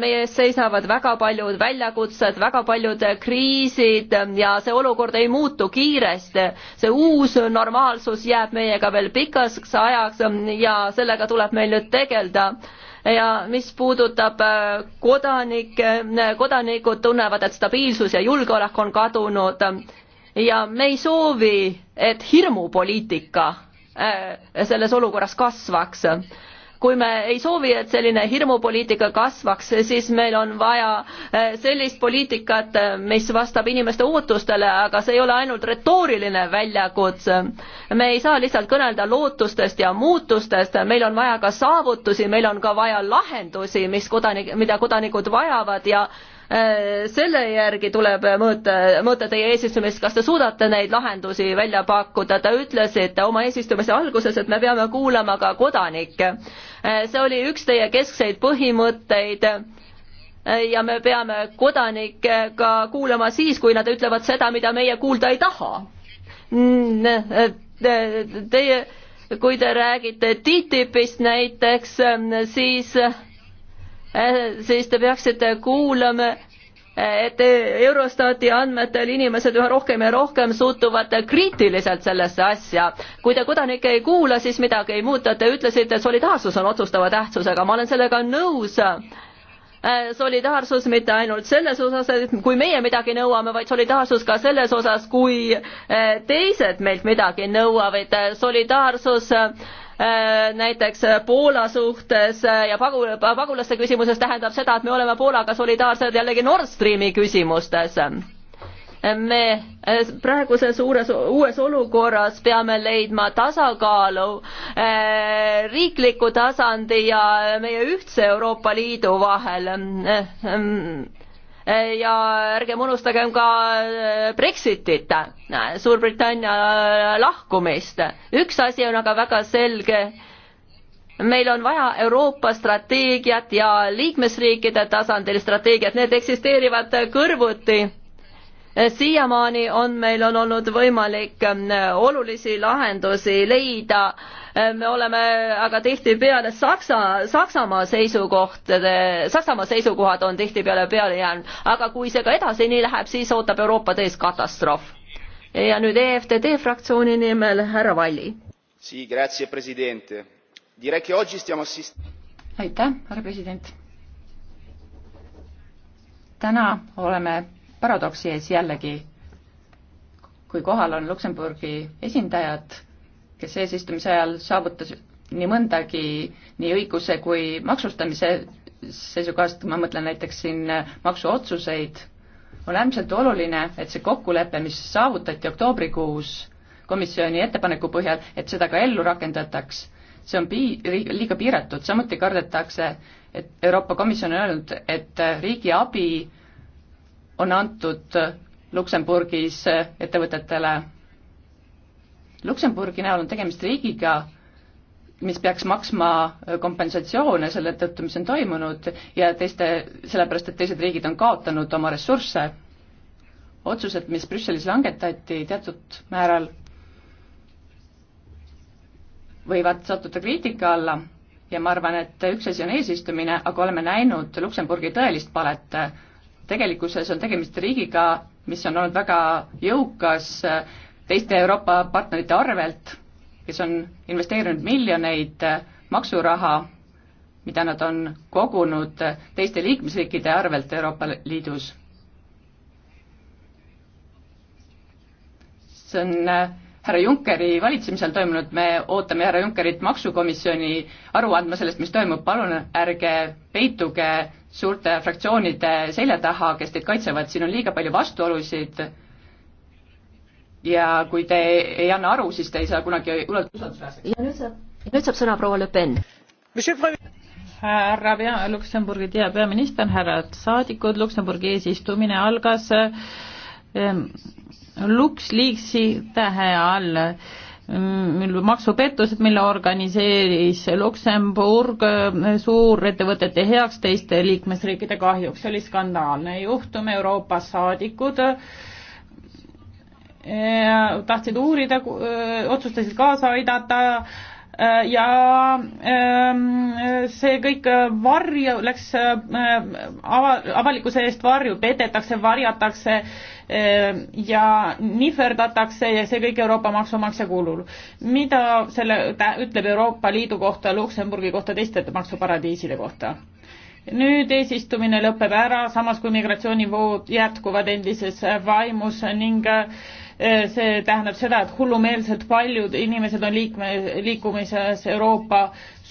meie ees seisavad väga paljud väljakutsed, väga paljud kriisid ja see olukord ei muutu kiiresti. see uus normaalsus jääb meiega veel pikaks ajaks ja sellega tuleb meil nüüd tegeleda ja mis puudutab äh, kodanikke, äh, kodanikud tunnevad, et stabiilsus ja julgeolek on kadunud ja me ei soovi, et hirmupoliitika äh, selles olukorras kasvaks kui me ei soovi, et selline hirmupoliitika kasvaks, siis meil on vaja eh, sellist poliitikat, eh, mis vastab inimeste ootustele, aga see ei ole ainult retooriline väljakutse. me ei saa lihtsalt kõnelda lootustest ja muutustest, meil on vaja ka saavutusi, meil on ka vaja lahendusi, mis kodanik, mida kodanikud vajavad ja Äh, selle järgi tuleb mõõta, mõõta teie eesistumist, kas te suudate neid lahendusi välja pakkuda, te ütlesite oma eesistumise alguses, et me peame kuulama ka kodanikke. Äh, see oli üks teie keskseid põhimõtteid äh, ja me peame kodanikke ka kuulama siis, kui nad ütlevad seda, mida meie kuulda ei taha. Teie, kui te räägite TTIP-ist näiteks, siis Äh, siis te peaksite kuulama, et Eurostati andmetel inimesed üha rohkem ja rohkem suhtuvad kriitiliselt sellesse asja. kui te kodanikke ei kuula, siis midagi ei muuta, te ütlesite, et solidaarsus on otsustava tähtsusega, ma olen sellega nõus äh, solidaarsus mitte ainult selles osas, et kui meie midagi nõuame, vaid solidaarsus ka selles osas, kui äh, teised meilt midagi nõuavad, solidaarsus äh, Äh, näiteks äh, Poola suhtes äh, ja pagul-, pagulaste küsimuses tähendab seda, et me oleme Poolaga solidaarsed jällegi Nord Streami küsimustes. me praeguses uures, uues olukorras peame leidma tasakaalu riikliku tasandi ja meie ühtse Euroopa Liidu vahel ähm, ja ärgem unustagem ka äh, Brexitit, äh, Suurbritannia äh, lahkumist. üks asi on aga väga selge, meil on vaja Euroopa strateegiat ja liikmesriikide tasandil strateegiat, need eksisteerivad kõrvuti siiamaani on meil on olnud võimalik olulisi lahendusi leida Äh, me oleme aga tihtipeale Saksa, Saksamaa seisukohtade, Saksamaa seisukohad on tihtipeale peale jäänud, aga kui see ka edasi nii läheb, siis ootab Euroopat ees katastroof. ja nüüd EFTD fraktsiooni nimel härra Valli. aitäh, härra president. täna oleme paradoksi ees jällegi, kui kohal on Luksemburgi esindajad kes eesistumise ajal saavutas nii mõndagi nii õiguse kui maksustamise seisukohast, ma mõtlen näiteks siin äh, maksuotsuseid, on äärmiselt oluline, et see kokkulepe, mis saavutati oktoobrikuus komisjoni ettepaneku põhjal, et seda ka ellu rakendataks, see on pii-, liiga piiratud, samuti kardetakse, et Euroopa Komisjon on öelnud, et äh, riigi abi on antud Luksemburgis äh, ettevõtetele Luksemburgi näol on tegemist riigiga, mis peaks maksma äh, kompensatsioone selle tõttu, mis on toimunud ja teiste, sellepärast et teised riigid on kaotanud oma ressursse. otsused, mis Brüsselis langetati teatud määral, võivad sattuda kriitika alla ja ma arvan, et üks asi on eesistumine, aga oleme näinud Luksemburgi tõelist palet. tegelikkuses on tegemist riigiga, mis on olnud väga jõukas teiste Euroopa partnerite arvelt, kes on investeerinud miljoneid äh, maksuraha, mida nad on kogunud äh, teiste liikmesriikide arvelt Euroopa Liidus. see on äh, härra Junckeri valitsemisel toimunud, me ootame härra Junckerit maksukomisjoni aru andma sellest, mis toimub, palun ärge peituge suurte fraktsioonide selja taha, kes teid kaitsevad, siin on liiga palju vastuolusid ja kui te ei anna aru, siis te ei saa kunagi usaldusväärseks. ja nüüd saab, nüüd saab sõna proua Le Pen. härra pea, Luksemburgi tea peaminister, härrad saadikud, Luksemburgi eesistumine algas ähm, LuxLeaksi tähe all maksupettused, mille organiseeris Luksemburg ehm, suurettevõtete heaks teiste liikmesriikide kahjuks, see oli skandaalne juhtum, Euroopa saadikud äh, Äh, tahtsid uurida, äh, otsustasid kaasa aidata äh, ja ähm, see kõik varju läks ava, avalikkuse eest varju, petetakse, varjatakse ja nihverdatakse ja see kõik Euroopa maksumaksja kulul. mida selle ütleb Euroopa Liidu kohta, Luksemburgi kohta, teiste maksuparadiiside kohta? nüüd eesistumine lõpeb ära, samas kui migratsioonivood jätkuvad endises vaimus ning äh, Äh, see tähendab seda, et hullumeelselt paljud inimesed on liikme, liikumises Euroopa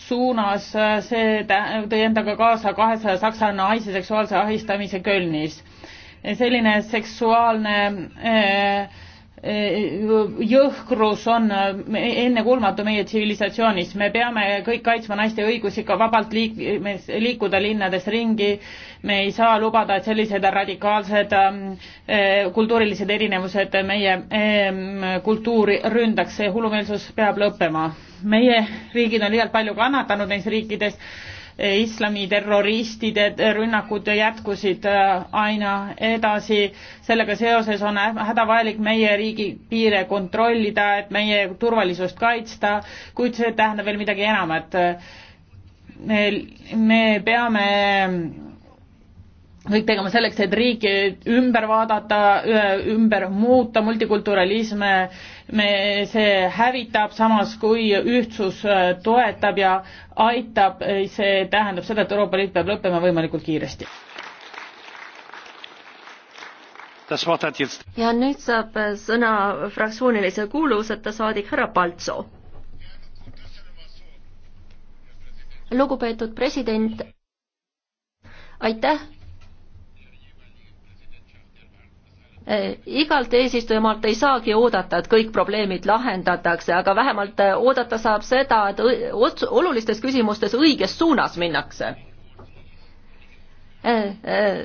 suunas, see tõi endaga kaasa kahesaja saksa naise seksuaalse ahistamise Kölnis. selline seksuaalne äh, Äh, jõhkrus on äh, ennekuulmatu meie tsivilisatsioonis, me peame kõik kaitsma naiste õigusi ka vabalt liik-, liikuda linnades ringi, me ei saa lubada, et sellised radikaalsed ähm, äh, kultuurilised erinevused meie ähm, kultuuri ründaks, see hullumeelsus peab lõppema. meie riigid on liialt palju kannatanud neis riikides islamiterroristide rünnakud jätkusid äh, aina edasi. sellega seoses on hädavajalik meie riigi piire kontrollida, et meie turvalisust kaitsta, kuid see tähendab veel midagi enamat. me peame kõik tegema selleks, et riiki ümber vaadata, ümber muuta, multikulturalisme, me, see hävitab, samas kui ühtsus äh, toetab ja aitab, äh, see tähendab seda, et Euroopa Liit peab lõppema võimalikult kiiresti. ja nüüd saab äh, sõna fraktsioonilise kuuluvuseta saadik härra Paltso. lugupeetud president, aitäh Eh, igalt eesistujamaalt ei saagi oodata, et kõik probleemid lahendatakse, aga vähemalt eh, oodata saab seda, et olulistes küsimustes õiges suunas minnakse. Eh,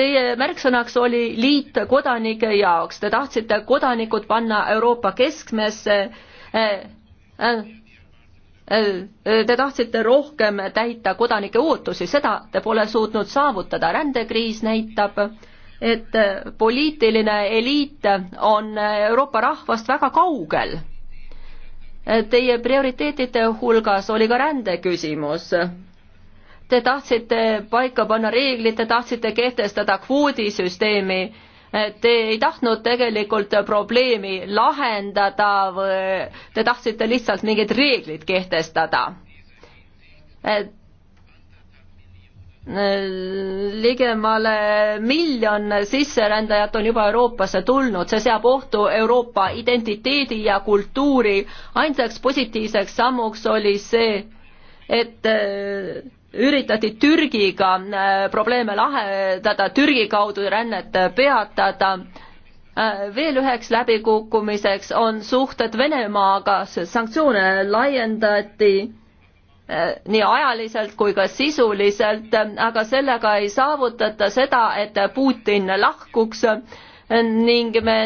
teie märksõnaks oli liit kodanike jaoks, te tahtsite kodanikud panna Euroopa keskmesse. Te tahtsite rohkem täita kodanike ootusi, seda te pole suutnud saavutada, rändekriis näitab, et äh, poliitiline eliit on äh, Euroopa rahvast väga kaugel. Äh, teie prioriteetide hulgas oli ka rändeküsimus. Te tahtsite paika panna reeglid, te tahtsite kehtestada kvoodisüsteemi, te ei tahtnud tegelikult probleemi lahendada või te tahtsite lihtsalt mingid reeglid kehtestada Äh, ligemale miljon sisserändajat on juba Euroopasse tulnud, see seab ohtu Euroopa identiteedi ja kultuuri. ainsaks positiivseks sammuks oli see, et äh, üritati Türgiga äh, probleeme lahendada, Türgi kaudu rännet peatada. veel üheks läbikukkumiseks on suhted Venemaaga, sanktsioone laiendati Äh, nii ajaliselt kui ka sisuliselt, aga sellega ei saavutata seda, et Putin lahkuks ning me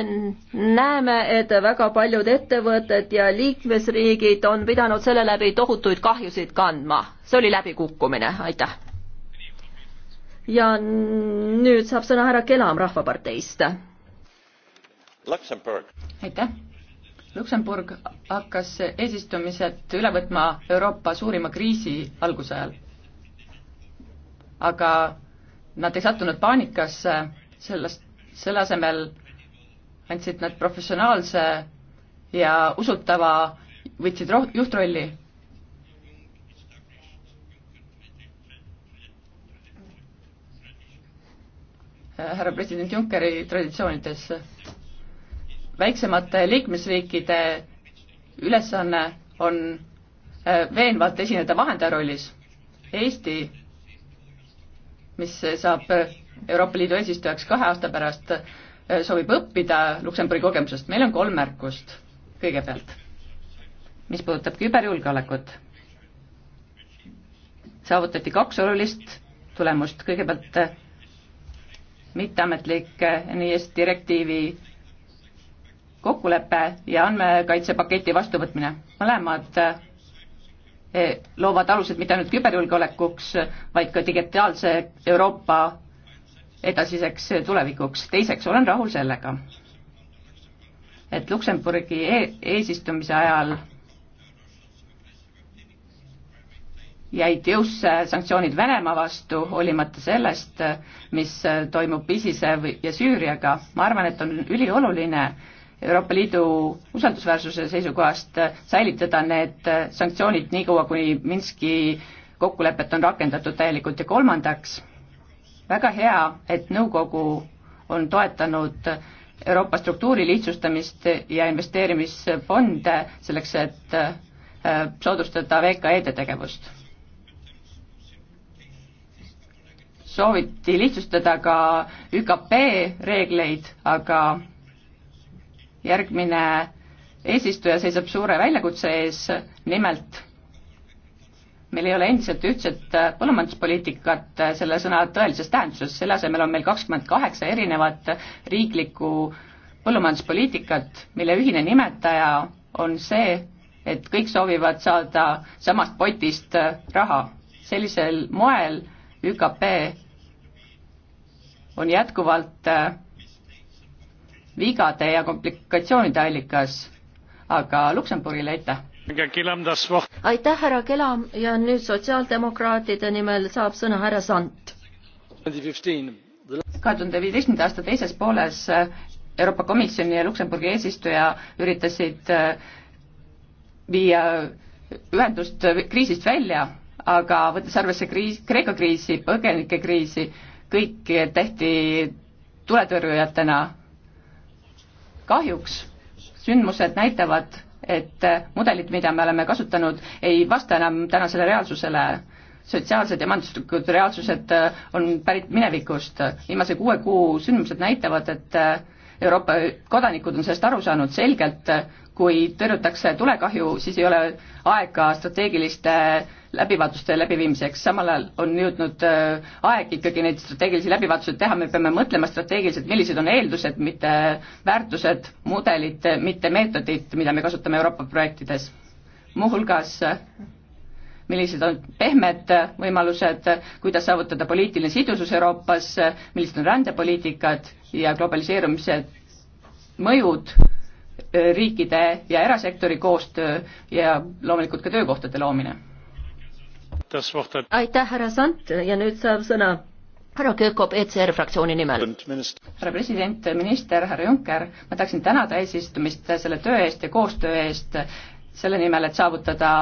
näeme, et väga paljud ettevõtted ja liikmesriigid on pidanud selle läbi tohutuid kahjusid kandma. see oli läbikukkumine, aitäh. ja nüüd saab sõna härra Kelam Rahvaparteist. aitäh Luksemburg hakkas eesistumiselt üle võtma Euroopa suurima kriisi alguse ajal. aga nad ei sattunud paanikasse, sellest, selle asemel andsid nad professionaalse ja usutava, võtsid roh-, juhtrolli. härra president Junckeri traditsioonidesse väiksemate liikmesriikide ülesanne on äh, veenvalt esineda vahendaja rollis. Eesti, mis saab Euroopa Liidu eesistujaks kahe aasta pärast, äh, soovib õppida Luksemburgi kogemusest, meil on kolm märkust kõigepealt, mis puudutab küberjulgeolekut. saavutati kaks olulist tulemust, kõigepealt äh, mitteametlik NIS direktiivi kokkulepe ja andmekaitsepaketi vastuvõtmine, mõlemad eh, loovad alused mitte ainult küberjulgeolekuks, vaid ka digitaalse Euroopa edasiseks tulevikuks. teiseks, olen rahul sellega, et Luksemburgi e eesistumise ajal jäid jõusse sanktsioonid Venemaa vastu, hoolimata sellest, mis toimub ISISe ja Süüriaga. ma arvan, et on ülioluline, Euroopa Liidu usaldusväärsuse seisukohast säilitada need sanktsioonid niikaua, kuni Minski kokkulepet on rakendatud täielikult ja kolmandaks, väga hea, et nõukogu on toetanud Euroopa struktuuri lihtsustamist ja investeerimisfonde selleks, et äh, soodustada VKE-de tegevust. sooviti lihtsustada ka ÜKP reegleid, aga järgmine eesistuja seisab suure väljakutse ees, nimelt meil ei ole endiselt ühtset äh, põllumajanduspoliitikat äh, selle sõna tõelises tähenduses, selle asemel on meil kakskümmend kaheksa erinevat riiklikku põllumajanduspoliitikat, mille ühine nimetaja on see, et kõik soovivad saada samast potist äh, raha. sellisel moel ÜKP on jätkuvalt vigade ja komplikatsioonide allikas, aga Luksemburgile aitäh! aitäh, härra Kelam ja nüüd sotsiaaldemokraatide nimel saab sõna härra Sant. kahe tuhande viieteistkümnenda aasta teises pooles äh, Euroopa Komisjoni ja Luksemburgi eesistuja üritasid äh, viia ühendust kriisist välja, aga võttes arvesse kriis, Kreeka kriisi, põgenikekriisi, kõik tehti tuletõrjujatena kahjuks sündmused näitavad, et mudelid, mida me oleme kasutanud, ei vasta enam tänasele reaalsusele. sotsiaalsed ja majanduslikud reaalsused on pärit minevikust. viimase kuue kuu sündmused näitavad, et Euroopa kodanikud on sellest aru saanud selgelt, kui tõrjutakse tulekahju, siis ei ole aega strateegiliste läbivaatuste läbiviimiseks, samal ajal on jõudnud äh, aeg ikkagi neid strateegilisi läbivaatusi teha, me peame mõtlema strateegiliselt, millised on eeldused, mitte väärtused, mudelid, mitte meetodid, mida me kasutame Euroopa projektides. muuhulgas millised on pehmed võimalused, kuidas saavutada poliitiline sidusus Euroopas, millised on rändepoliitikad ja globaliseerumise mõjud e, riikide ja erasektori koostöö ja loomulikult ka töökohtade loomine. aitäh, härra Sant ja nüüd saab sõna härra Köökop ECR fraktsiooni nimel. härra president, minister, härra Juncker, ma tahaksin tänada eesistumist selle töö eest ja koostöö eest selle nimel, et saavutada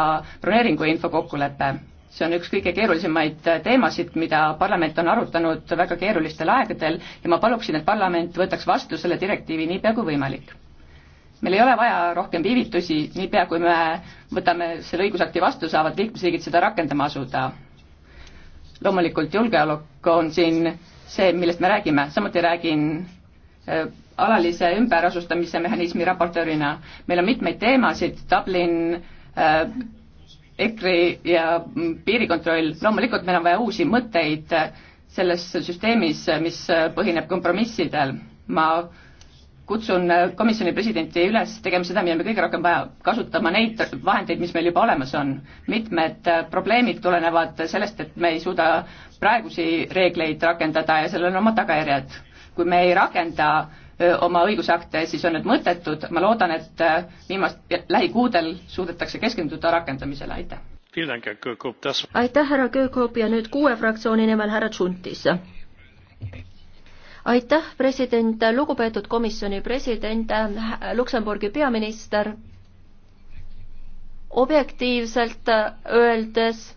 broneeringu infokokkulepe see on üks kõige keerulisemaid teemasid, mida parlament on arutanud väga keerulistel aegadel ja ma paluksin, et parlament võtaks vastu selle direktiivi niipea kui võimalik. meil ei ole vaja rohkem viivitusi, niipea kui me võtame selle õigusakti vastu, saavad liikmesriigid seda rakendama asuda. loomulikult julgeolek on siin see, millest me räägime, samuti räägin äh, alalise ümberasustamise mehhanismi raportöörina. meil on mitmeid teemasid, Dublin äh, EKRE ja mm, piirikontroll, loomulikult meil on vaja uusi mõtteid äh, selles süsteemis, äh, mis äh, põhineb kompromissidel. ma kutsun komisjoni presidenti üles tegema seda, mida me kõige rohkem vaja, kasutama neid vahendeid, mis meil juba olemas on. mitmed probleemid tulenevad sellest, et me ei suuda praegusi reegleid rakendada ja sellel on oma tagajärjed. kui me ei rakenda oma õigusakte, siis on need mõttetud, ma loodan, et viimast, lähikuudel suudetakse keskenduda rakendamisele, aitäh. aitäh, härra Köökop ja nüüd kuue fraktsiooni nimel härra Tšuntis. aitäh, president, lugupeetud komisjoni president, Luksemburgi peaminister, objektiivselt öeldes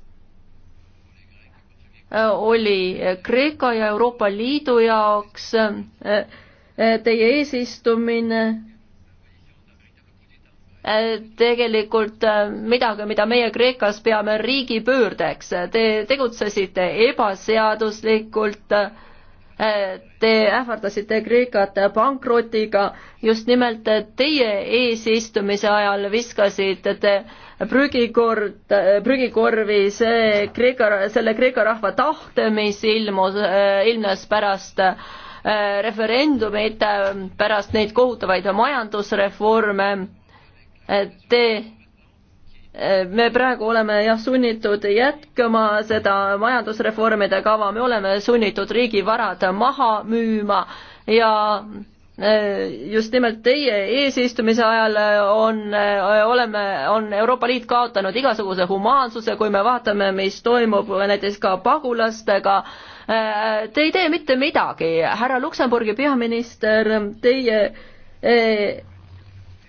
oli Kreeka ja Euroopa Liidu jaoks Eh, teie eesistumine eh, tegelikult eh, midagi, mida meie Kreekas peame riigipöördeks. Te tegutsesite ebaseaduslikult, te ähvardasite Kreekat pankrotiga, just nimelt teie eesistumise ajal viskasite te prügikord, prügikorvi see Kreeka, selle Kreeka rahva tahte, mis ilmus, ilmnes pärast äh, referendumeid äh, pärast neid kohutavaid majandusreforme. Te, äh, me praegu oleme jah, sunnitud jätkama seda majandusreformide kava, me oleme sunnitud riigivarad maha müüma ja äh, just nimelt teie eesistumise ajal on, oleme, on Euroopa Liit kaotanud igasuguse humaansuse, kui me vaatame, mis toimub näiteks ka pagulastega äh, Äh, te ei tee mitte midagi, härra Luksemburgi peaminister, teie äh,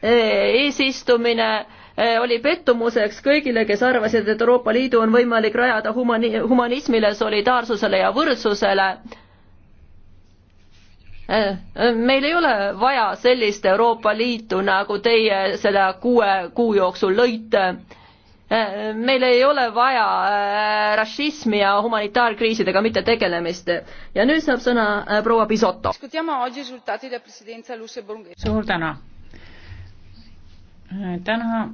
äh, eesistumine e e oli pettumuseks kõigile, kes arvasid, et Euroopa Liidu on võimalik rajada humani-, humanismile, solidaarsusele ja võrdsusele. meil ei ole vaja sellist Euroopa Liitu, nagu teie seda kuue kuu jooksul lõite Äh, meil ei ole vaja äh, rassismi ja humanitaarkriisidega mitte tegelemist. ja nüüd saab sõna äh, proua Pisoto. suur tänu. täna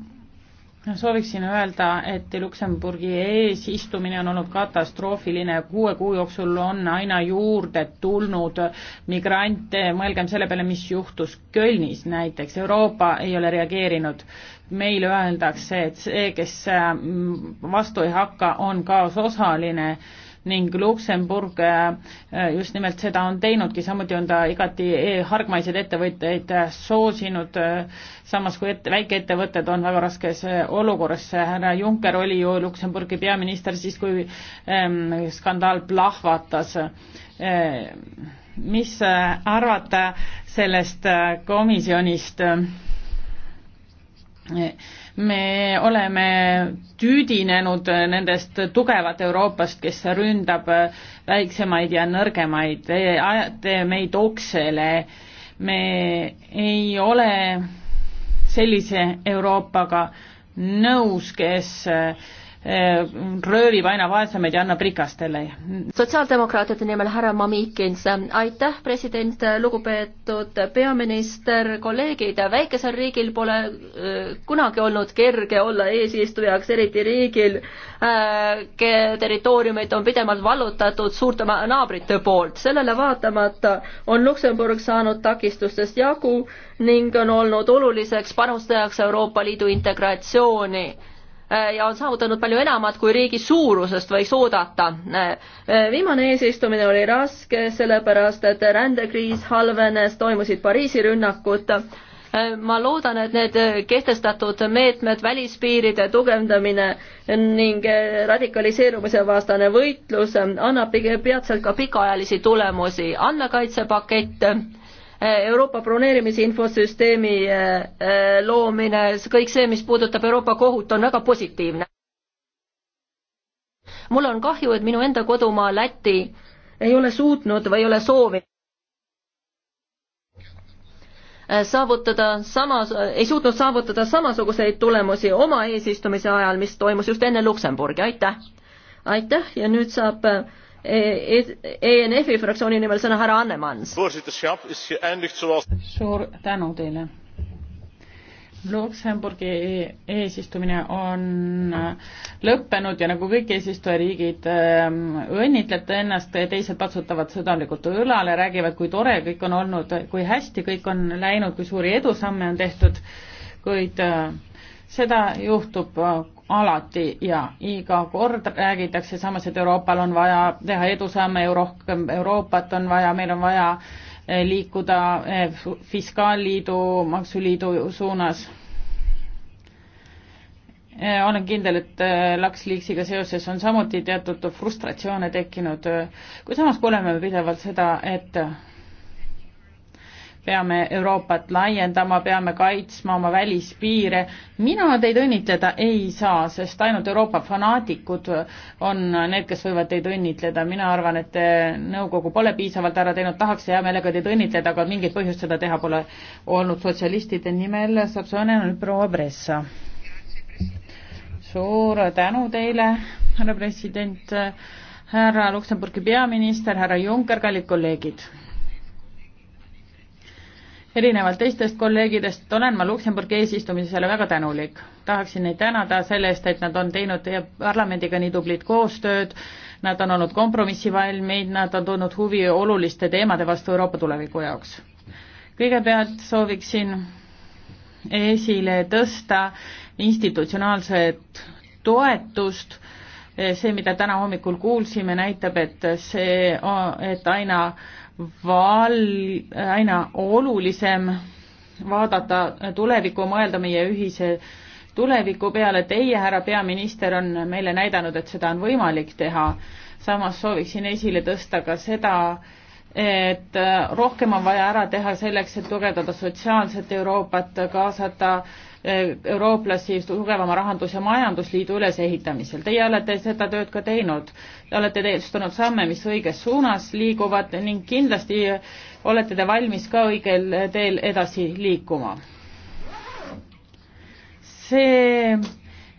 sooviksin öelda, et Luksemburgi eesistumine on olnud katastroofiline, kuue kuu jooksul on aina juurde tulnud migrante, mõelgem selle peale, mis juhtus Kölnis näiteks, Euroopa ei ole reageerinud meile öeldakse, et see, kes mm, vastu ei hakka, on kaasosaline ning Luksemburg äh, just nimelt seda on teinudki, samuti on ta igati äh, hargmaiseid ettevõtteid äh, soosinud, samas kui ette, väikeettevõtted on väga raskes olukorras, härra Juncker oli ju Luksemburgi peaminister siis, kui ähm, skandaal plahvatas äh,. mis arvata sellest komisjonist äh,? me oleme tüüdinenud nendest tugevat Euroopast, kes ründab väiksemaid ja nõrgemaid, te ajate meid oksele, me ei ole sellise Euroopaga nõus, kes äh, Äh, röövib aina vaesemaid ja annab rikastele. sotsiaaldemokraatide nimel härra Mamikins, aitäh, president, lugupeetud peaminister, kolleegid, väikesel riigil pole äh, kunagi olnud kerge olla eesistujaks, eriti riigil, äh, kelle territooriumid on pidevalt vallutatud suurte naabrite poolt. sellele vaatamata on Luksemburg saanud takistustest jagu ning on olnud oluliseks panustajaks Euroopa Liidu integratsiooni Äh, ja on saavutanud palju enamat, kui riigi suurusest võiks oodata. Äh, äh, viimane eesistumine oli raske, sellepärast et rändekriis halvenes, toimusid Pariisi rünnakud. ma loodan, et need kehtestatud meetmed, välispiiride tugevdamine ning radikaliseerumise vastane võitlus annab peatselt ka pikaajalisi tulemusi. andmekaitsepakett Euroopa broneerimise infosüsteemi äh, äh, loomine, kõik see, mis puudutab Euroopa kohut, on väga positiivne. mul on kahju, et minu enda kodumaa Läti ei ole suutnud või ei ole soovinud äh, saavutada sama, ei suutnud saavutada samasuguseid tulemusi oma eesistumise ajal, mis toimus just enne Luksemburgi, aitäh! aitäh ja nüüd saab ENF-i e, e fraktsiooni nimel sõna härra Annemans. suur tänu teile. Luksemburgi e-, eesistumine on äh, lõppenud ja nagu kõik eesistujariigid ähm, õnnitlete ennast, teised patsutavad südamlikult õlale, räägivad, kui tore kõik on olnud, kui hästi kõik on läinud, kui suuri edusamme on tehtud, kuid äh, seda juhtub äh, alati ja iga kord räägitakse samas, et Euroopal on vaja teha edusamme, rohkem Euroopat on vaja, meil on vaja eh, liikuda eh, fiskaalliidu, maksuliidu suunas. Eh, olen kindel, et Luxleaksiga seoses on samuti teatud frustratsioone tekkinud, kui samas kuuleme pidevalt seda, et peame Euroopat laiendama, peame kaitsma oma välispiire. mina teid õnnitleda ei saa, sest ainult Euroopa fanaatikud on need, kes võivad teid õnnitleda. mina arvan, et nõukogu pole piisavalt ära teinud, tahaks hea meelega teid õnnitleda, aga mingit põhjust seda teha pole olnud. sotsialistide nimel saab sõna nüüd proua Bressa. suur tänu teile, härra president härra Luksemburgi peaminister, härra Juncker, kallid kolleegid erinevalt teistest kolleegidest olen ma Luksemburgi eesistumisele väga tänulik. tahaksin neid tänada selle eest, et nad on teinud teie parlamendiga nii tublit koostööd, nad on olnud kompromissivalmid, nad on tundnud huvi oluliste teemade vastu Euroopa tuleviku jaoks. kõigepealt sooviksin esile tõsta institutsionaalset toetust, see, mida täna hommikul kuulsime, näitab, et see, et aina äh, val-, aina olulisem vaadata tulevikku, mõelda meie ühise tuleviku peale, teie, härra peaminister, on meile näidanud, et seda on võimalik teha. samas sooviksin esile tõsta ka seda, et rohkem on vaja ära teha selleks, et tugevdada sotsiaalset Euroopat, kaasata äh, eurooplasi tugevama rahandus- ja majandusliidu ülesehitamisel. Teie olete seda tööd ka teinud, te olete teinud samme, mis õiges suunas liiguvad ning kindlasti olete te valmis ka õigel teel edasi liikuma. see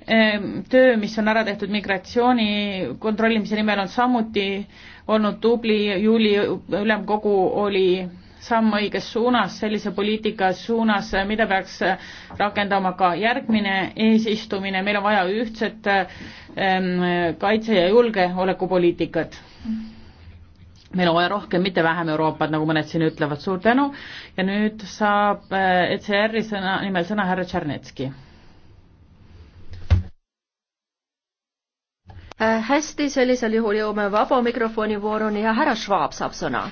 ehm, töö, mis on ära tehtud migratsiooni kontrollimise nimel, on samuti olnud tubli, juuli ülemkogu oli samm õiges suunas, sellise poliitika suunas, mida peaks rakendama ka järgmine eesistumine, meil on vaja ühtset ähm, kaitse- ja julgeolekupoliitikat. meil on vaja rohkem, mitte vähem Euroopat, nagu mõned siin ütlevad, suur tänu ja nüüd saab äh, ECR-i sõna, nimel sõna härra Tšernetski äh, hästi, sellisel juhul jõuame vaba mikrofoni vooruni ja härra Schwab saab sõna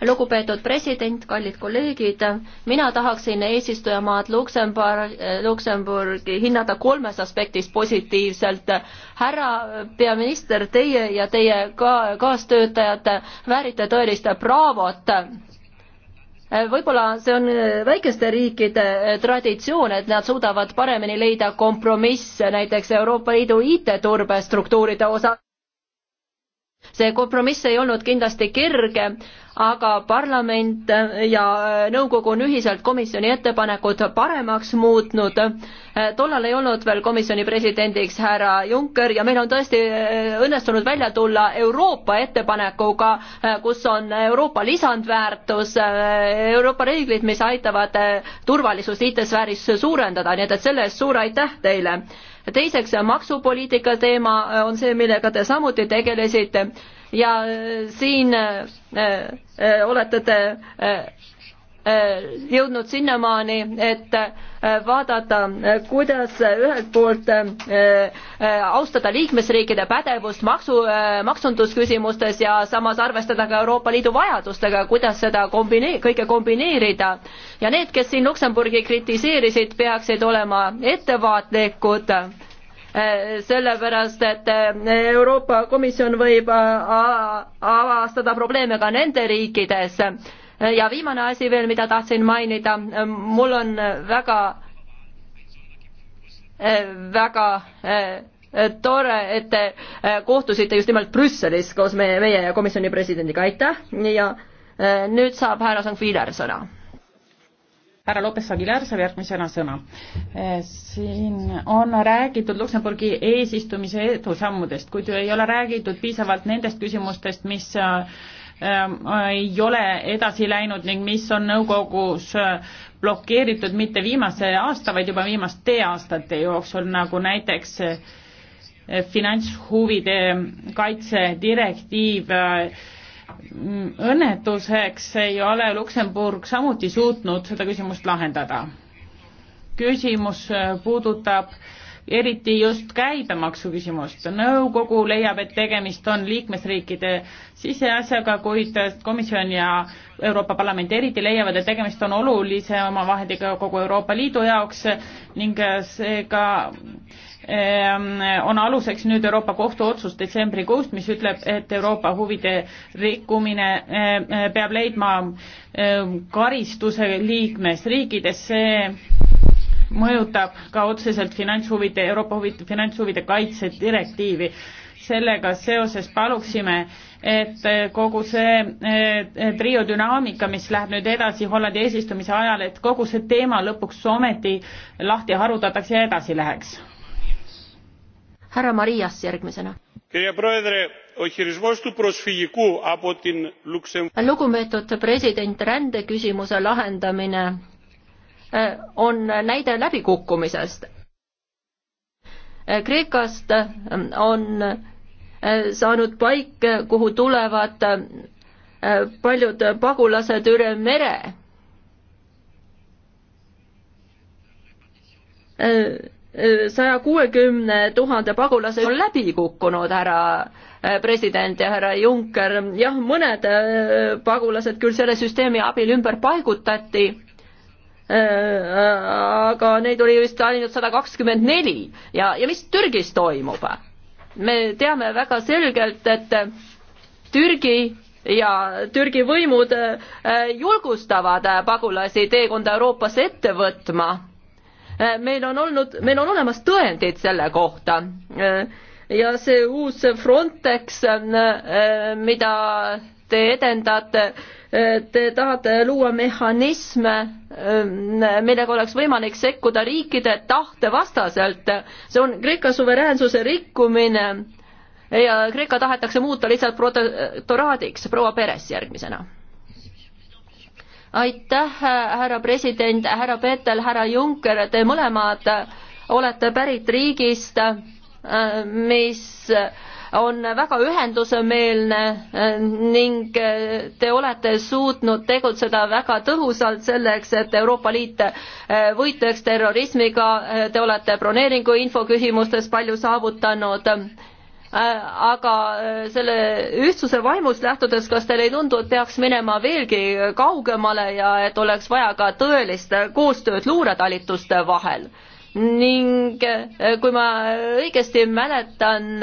lugupeetud president, kallid kolleegid, mina tahaksin eesistujamaad Luksemburg, Luksemburgi hinnata kolmes aspektis positiivselt. härra peaminister, teie ja teie ka kaastöötajad väärite tõelist braavot võib-olla see on väikeste riikide traditsioon, et nad suudavad paremini leida kompromisse näiteks Euroopa Liidu IT-turbe struktuuride osas see kompromiss ei olnud kindlasti kerge, aga parlament ja nõukogu on ühiselt komisjoni ettepanekud paremaks muutnud. tollal ei olnud veel komisjoni presidendiks härra Juncker ja meil on tõesti õnnestunud välja tulla Euroopa ettepanekuga, kus on Euroopa lisandväärtus, Euroopa reeglid, mis aitavad turvalisust IT-sfääris suurendada, nii et, et selle eest suur aitäh teile teiseks, maksupoliitika teema äh, on see, millega te samuti tegelesite ja äh, siin äh, olete te Äh, jõudnud sinnamaani, et äh, vaadata, äh, kuidas ühelt poolt austada liikmesriikide pädevust maksu, maksundusküsimustes ja samas arvestada ka Euroopa Liidu vajadustega, kuidas seda kombinee-, kõike kombineerida. ja need, kes siin Luksemburgi kritiseerisid, peaksid olema ettevaatlikud sellepärast, et Euroopa Komisjon võib avastada probleeme ka nende riikides Äh, ja viimane asi veel, mida tahtsin mainida, äh, mul on väga, äh, väga tore, et te kohtusite just nimelt Brüsselis koos meie, meie ja komisjoni presidendiga, aitäh ja nüüd saab härra Sankt-Viiler sõna härra Lopes Aguilar saab järgmisena sõna. siin on räägitud Luksemburgi eesistumise edusammudest, kuid ei ole räägitud piisavalt nendest küsimustest, mis Ähm, äh, ei ole edasi läinud ning mis on nõukogus äh, blokeeritud mitte viimase aasta, vaid juba viimaste aastate jooksul, nagu näiteks äh, finantshuvide kaitse direktiiv õnnetuseks ei ole Luksemburg samuti suutnud seda küsimust lahendada. küsimus puudutab äh, eriti just käibemaksu küsimust. nõukogu leiab, et tegemist on liikmesriikide siseasjaga, kuid komisjon ja Euroopa Parlament eriti leiavad, et tegemist on olulise omavahendiga kogu Euroopa Liidu jaoks ning seega ehm, on aluseks nüüd Euroopa Kohtu otsus detsembrikuust, mis ütleb, et Euroopa huvide rikkumine ehm, peab leidma ehm, karistuse liikmesriikides, see mõjutab ka otseselt finantshuvide, Euroopa huvide, finantshuvide kaitse direktiivi. sellega seoses paluksime, et kogu see eh, trio dünaamika, mis läheb nüüd edasi Hollandi eesistumise ajal, et kogu see teema lõpuks ometi lahti harutatakse ja edasi läheks. härra Marias järgmisena lugupeetud president rändeküsimuse lahendamine Äh, on näide läbikukkumisest. Äh, Kreekast äh, on saanud paik, kuhu tulevad paljud pagulased üle mere. saja kuuekümne tuhande pagulase on läbi kukkunud, härra president ja härra Juncker. jah, mõned pagulased küll selle süsteemi abil ümber paigutati Äh, äh, aga neid oli vist ainult sada kakskümmend neli ja, ja mis Türgis toimub? me teame väga selgelt, et Türgi ja Türgi võimud äh, julgustavad pagulasi teekonda Euroopasse ette võtma. meil on olnud, meil on olemas tõendid selle kohta ja see uus Frontex, mida te edendate, Te tahate luua mehhanisme, ähm, millega oleks võimalik sekkuda riikide tahte vastaselt. see on Kreeka suveräänsuse rikkumine ja Kreeka tahetakse muuta lihtsalt protektoraadiks. proua Peres järgmisena aitäh, härra president, härra Peeter, härra Juncker, te mõlemad olete pärit riigist, äh, mis on väga ühendusemeelne eh, ning eh, te olete suutnud tegutseda väga tõhusalt selleks, et Euroopa Liit eh, võitleks terrorismiga, te olete broneeringuinfo küsimustes palju saavutanud aga selle ühtsuse vaimust lähtudes, kas teile ei tundu, et peaks minema veelgi kaugemale ja et oleks vaja ka tõelist koostööd luuretalituste vahel? ning kui ma õigesti mäletan,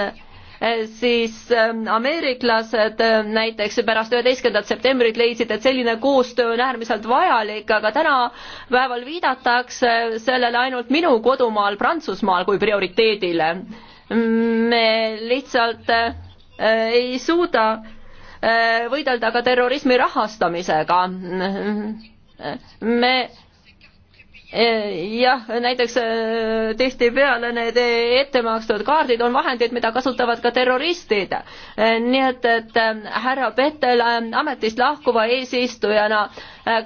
siis ähm, ameeriklased ähm, näiteks pärast üheteistkümnendat septembrit leidsid, et selline koostöö on äärmiselt vajalik, aga tänapäeval viidatakse sellele ainult minu kodumaal Prantsusmaal kui prioriteedile. me lihtsalt äh, ei suuda äh, võidelda ka terrorismi rahastamisega. me jah, näiteks äh, tihtipeale need ette makstud kaardid on vahendid, mida kasutavad ka terroristid. Äh, nii et, et äh, härra Petel ametist lahkuva eesistujana,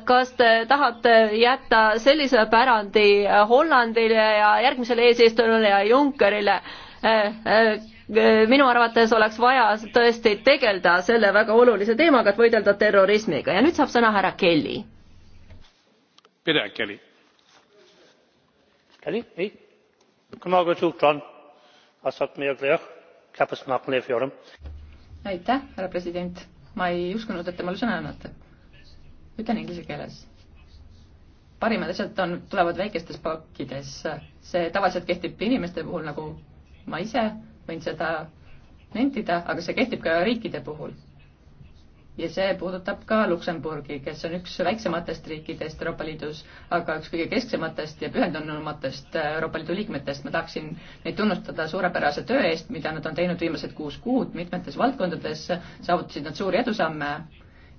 kas te tahate jätta sellise pärandi Hollandile ja järgmisele eesistujale ja Junckerile? minu arvates oleks vaja tõesti tegeleda selle väga olulise teemaga, et võidelda terrorismiga ja nüüd saab sõna härra Kelly. Pere Kelly aitäh härra president ma ei uskunud et te mulle sõna annate ütlen inglise keeles parimad asjad on tulevad väikestes pakkides see tavaliselt kehtib inimeste puhul nagu ma ise võin seda nentida aga see kehtib ka riikide puhul ja see puudutab ka Luksemburgi, kes on üks väiksematest riikidest Euroopa Liidus, aga üks kõige kesksematest ja pühendunumatest Euroopa Liidu liikmetest. ma tahaksin neid tunnustada suurepärase töö eest, mida nad on teinud viimased kuus kuud mitmetes valdkondades, saavutasid nad suuri edusamme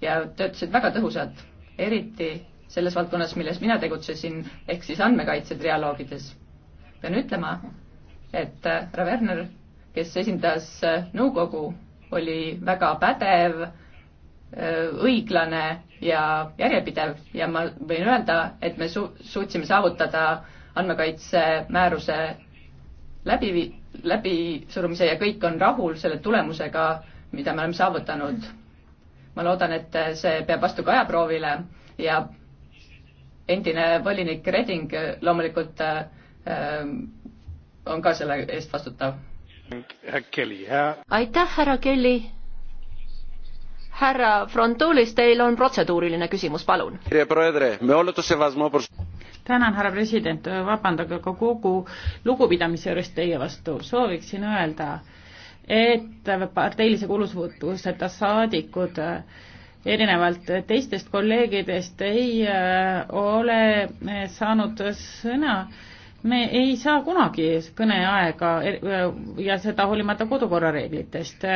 ja töötasid väga tõhusalt, eriti selles valdkonnas, milles mina tegutsesin, ehk siis andmekaitse trialoogides. pean ütlema, et härra Werner, kes esindas nõukogu, oli väga pädev Äh, õiglane ja järjepidev ja ma võin öelda, et me su-, suutsime saavutada andmekaitse määruse läbi, läbisurumise ja kõik on rahul selle tulemusega, mida me oleme saavutanud. ma loodan, et see peab vastu ka ajaproovile ja endine volinik Reding loomulikult äh, äh on ka selle eest vastutav. aitäh, härra Kelly! härra Frontulis, teil on protseduuriline küsimus, palun. tänan, härra president, vabandage ka kogu lugupidamise juures teie vastu, sooviksin öelda, et parteilise kulusvõtluseta saadikud eh, erinevalt teistest kolleegidest ei eh, ole eh, saanud sõna me ei saa kunagi kõneaega ja seda hoolimata kodukorra reeglitest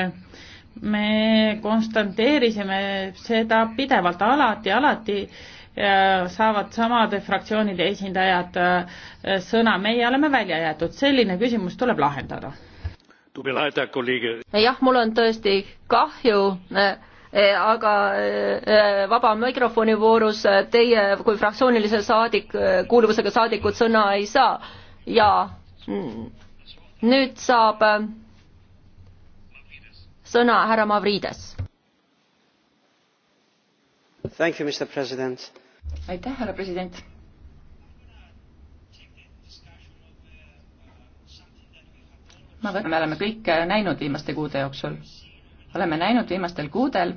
me konstanteerisime seda pidevalt alati, alati äh, saavad samade fraktsioonide esindajad äh, sõna, meie oleme välja jäetud, selline küsimus tuleb lahendada. jah, mul on tõesti kahju, äh, aga vaba mikrofoni voorus teie kui fraktsioonilise saadik, kuuluvusega saadikud sõna ei saa ja mm, nüüd saab sõna härra Mavrides. aitäh, härra president. ma võtan, me oleme kõik näinud viimaste kuude jooksul, oleme näinud viimastel kuudel,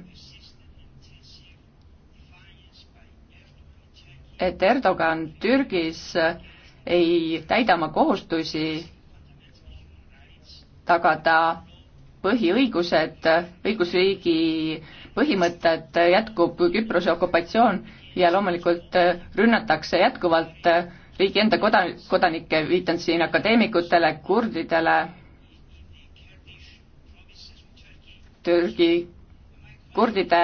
et Erdogan Türgis ei täida oma kohustusi tagada põhiõigused, õigusriigi põhimõtted, jätkub Küprose okupatsioon ja loomulikult rünnatakse jätkuvalt riigi enda koda-, kodanikke, viitan siin akadeemikutele, kurdidele, Türgi, kurdide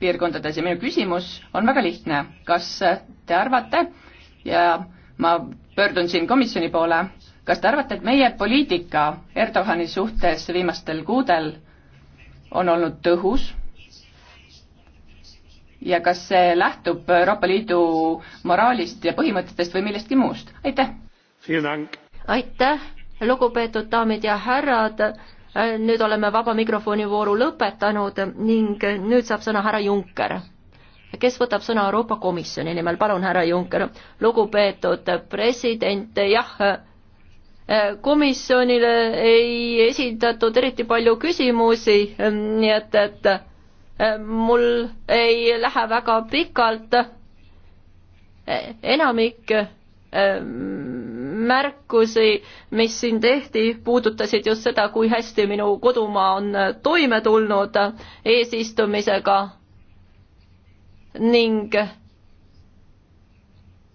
piirkondades ja minu küsimus on väga lihtne, kas te arvate ja ma pöördun siin komisjoni poole, kas te arvate, et meie poliitika Erdogani suhtes viimastel kuudel on olnud tõhus ja kas see lähtub Euroopa Liidu moraalist ja põhimõtetest või millestki muust? aitäh! aitäh, lugupeetud daamid ja härrad, nüüd oleme vaba mikrofoni vooru lõpetanud ning nüüd saab sõna härra Junker kes võtab sõna Euroopa Komisjoni nimel, palun, härra Juncker. lugupeetud president, jah Äh, komisjonile ei esitatud eriti palju küsimusi, ähm, nii et, et äh, mul ei lähe väga pikalt. Äh, enamik märkusi, mis siin tehti, puudutasid just seda, kui hästi minu kodumaa on toime tulnud eesistumisega ning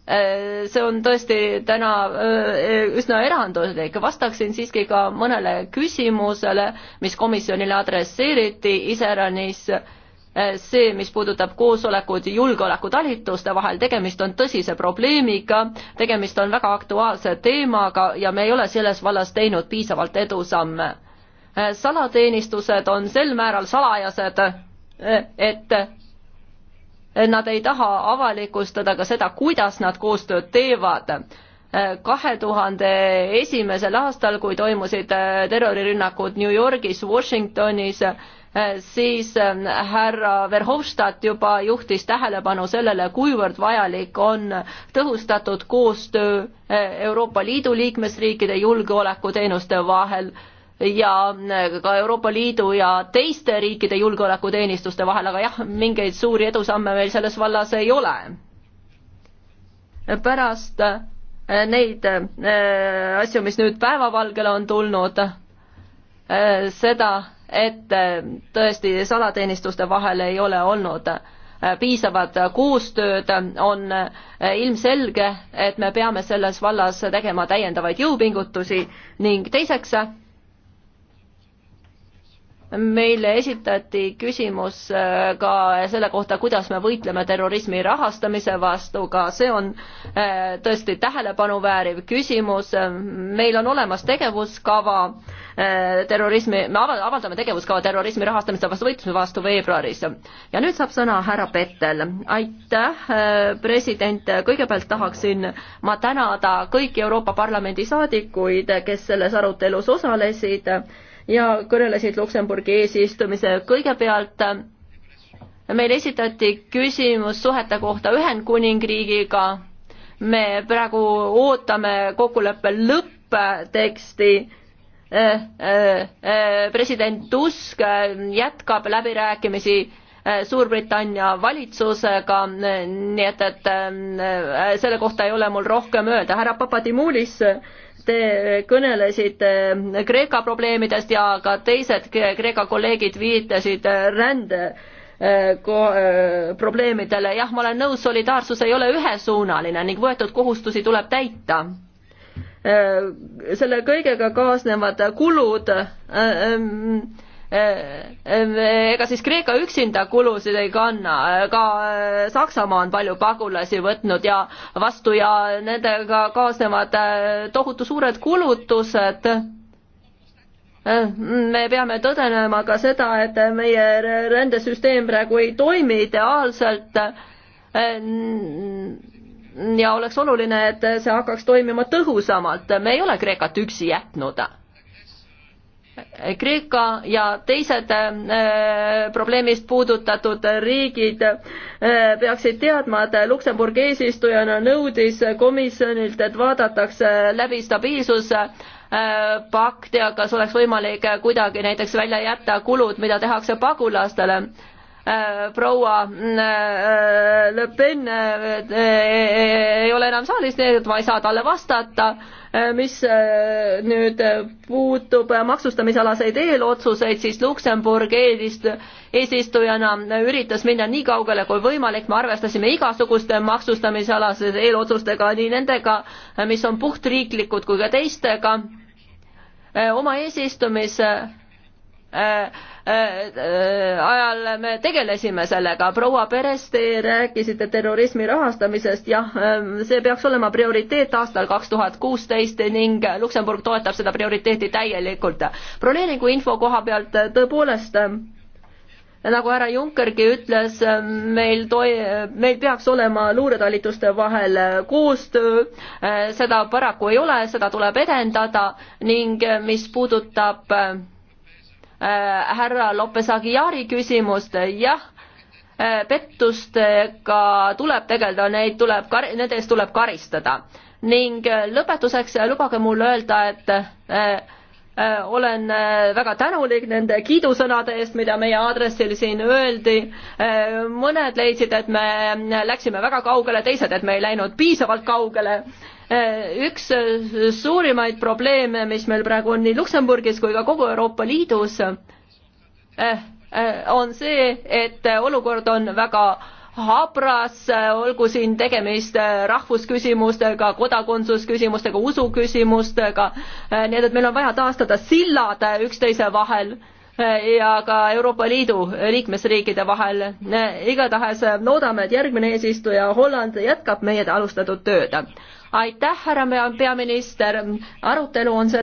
Äh, see on tõesti täna äh, üsna erandlik. vastaksin siiski ka mõnele küsimusele, mis komisjonile adresseeriti, iseäranis äh, see, mis puudutab koosolekud julgeolekutalituste vahel, tegemist on tõsise probleemiga, tegemist on väga aktuaalse teemaga ja me ei ole selles vallas teinud piisavalt edusamme. salateenistused on sel määral salajased, et Nad ei taha avalikustada ka seda, kuidas nad koostööd teevad kahe tuhande esimesel aastal, kui toimusid äh, terrorirünnakud New Yorgis, Washingtonis, äh, siis äh, härra Verhofstadt juba juhtis tähelepanu sellele, kuivõrd vajalik on tõhustatud koostöö Euroopa Liidu liikmesriikide julgeolekuteenistuste vahel ja äh, ka Euroopa Liidu ja teiste riikide julgeolekuteenistuste vahel, aga jah, mingeid suuri edusamme meil selles vallas ei ole. pärast äh, neid äh, asju, mis nüüd päevavalgele on tulnud, seda, et tõesti salateenistuste vahel ei ole olnud piisavat koostööd, on ilmselge, et me peame selles vallas tegema täiendavaid jõupingutusi ning teiseks meile esitati küsimus äh, ka selle kohta, kuidas me võitleme terrorismi rahastamise vastu, ka see on äh, tõesti tähelepanu vääriv küsimus. meil on olemas tegevuskava äh, terrorismi, me avaldame tegevuskava terrorismi rahastamise vastu võitluse vastu veebruaris. ja nüüd saab sõna härra Pettel. aitäh, president, kõigepealt tahaksin ma tänada kõiki Euroopa Parlamendi saadikuid, kes selles arutelus osalesid ja kõnelesid Luksemburgi eesistumise kõigepealt meil esitati küsimus suhete kohta Ühendkuningriigiga. me praegu ootame kokkuleppe lõppteksti. Eh, eh, eh, president Tusk jätkab läbirääkimisi Suurbritannia valitsusega, nii et, et selle kohta ei ole mul rohkem öelda. härra Papadimulis te kõnelesite Kreeka probleemidest ja ka teised Kreeka kolleegid viitasid rände äh, äh, probleemidele, jah, ma olen nõus, solidaarsus ei ole ühesuunaline ning võetud kohustusi tuleb täita äh, selle kõigega kaasnevad kulud ähm, Äh, äh, ega siis Kreeka üksinda kulusid ei kanna, ka äh, Saksamaa on palju pagulasi võtnud ja vastu ja nendega kaasnevad tohutu suured kulutused. me peame tõdenema ka seda, et meie rändesüsteem praegu ei toimi ideaalselt ja oleks oluline, et see hakkaks toimima tõhusamalt, me ei ole Kreekat üksi jätnud Kreeka ja teised äh, probleemist puudutatud riigid äh, peaksid teadma, et Luksemburg eesistujana nõudis komisjonilt, et vaadatakse läbi stabiilsuse äh, pakt ja kas oleks võimalik kuidagi näiteks välja jätta kulud, mida tehakse pagulastele proua Le Pen ei ole enam saalis, nii et ma ei saa talle vastata Äh, mis äh, nüüd äh, puutub maksustamisalaseid eelotsuseid, siis Luksemburg eelist-, eesistujana üritas minna nii kaugele kui võimalik, me arvestasime igasuguste maksustamisalase eelotsustega, nii nendega, mis on puhtriiklikud, kui ka teistega. oma eesistumise Äh, äh, äh, ajal me tegelesime sellega, proua Peres, te rääkisite terrorismi rahastamisest, jah, ähm, see peaks olema prioriteet aastal kaks tuhat kuusteist ning Luksemburg toetab seda prioriteeti täielikult. broneeringu info koha pealt tõepoolest nagu härra Junckergi ütles, meil toi-, meil peaks olema luuretalituste vahel koostöö, seda paraku ei ole, seda tuleb edendada ning mis puudutab Äh, härra Lopes Aguiari küsimust, jah, äh, pettustega tuleb tegeleda, neid tuleb, nende eest tuleb karistada. ning äh, lõpetuseks lubage mul öelda, et olen väga tänulik nende kiidusõnade eest, mida meie aadressil siin öeldi. mõned leidsid, et me läksime väga kaugele, teised, et me ei läinud piisavalt kaugele Äh, üks äh, suurimaid probleeme, mis meil praegu on nii Luksemburgis kui ka kogu Euroopa Liidus, äh, on see, et olukord on väga habras, olgu siin tegemist rahvusküsimustega, kodakondsusküsimustega, usuküsimustega, nii et meil on vaja taastada sillad üksteise vahel ja ka Euroopa Liidu liikmesriikide vahel. igatahes loodame, et järgmine eesistuja Holland jätkab meie alustatud tööd aitäh, härra peaminister, arutelu on selle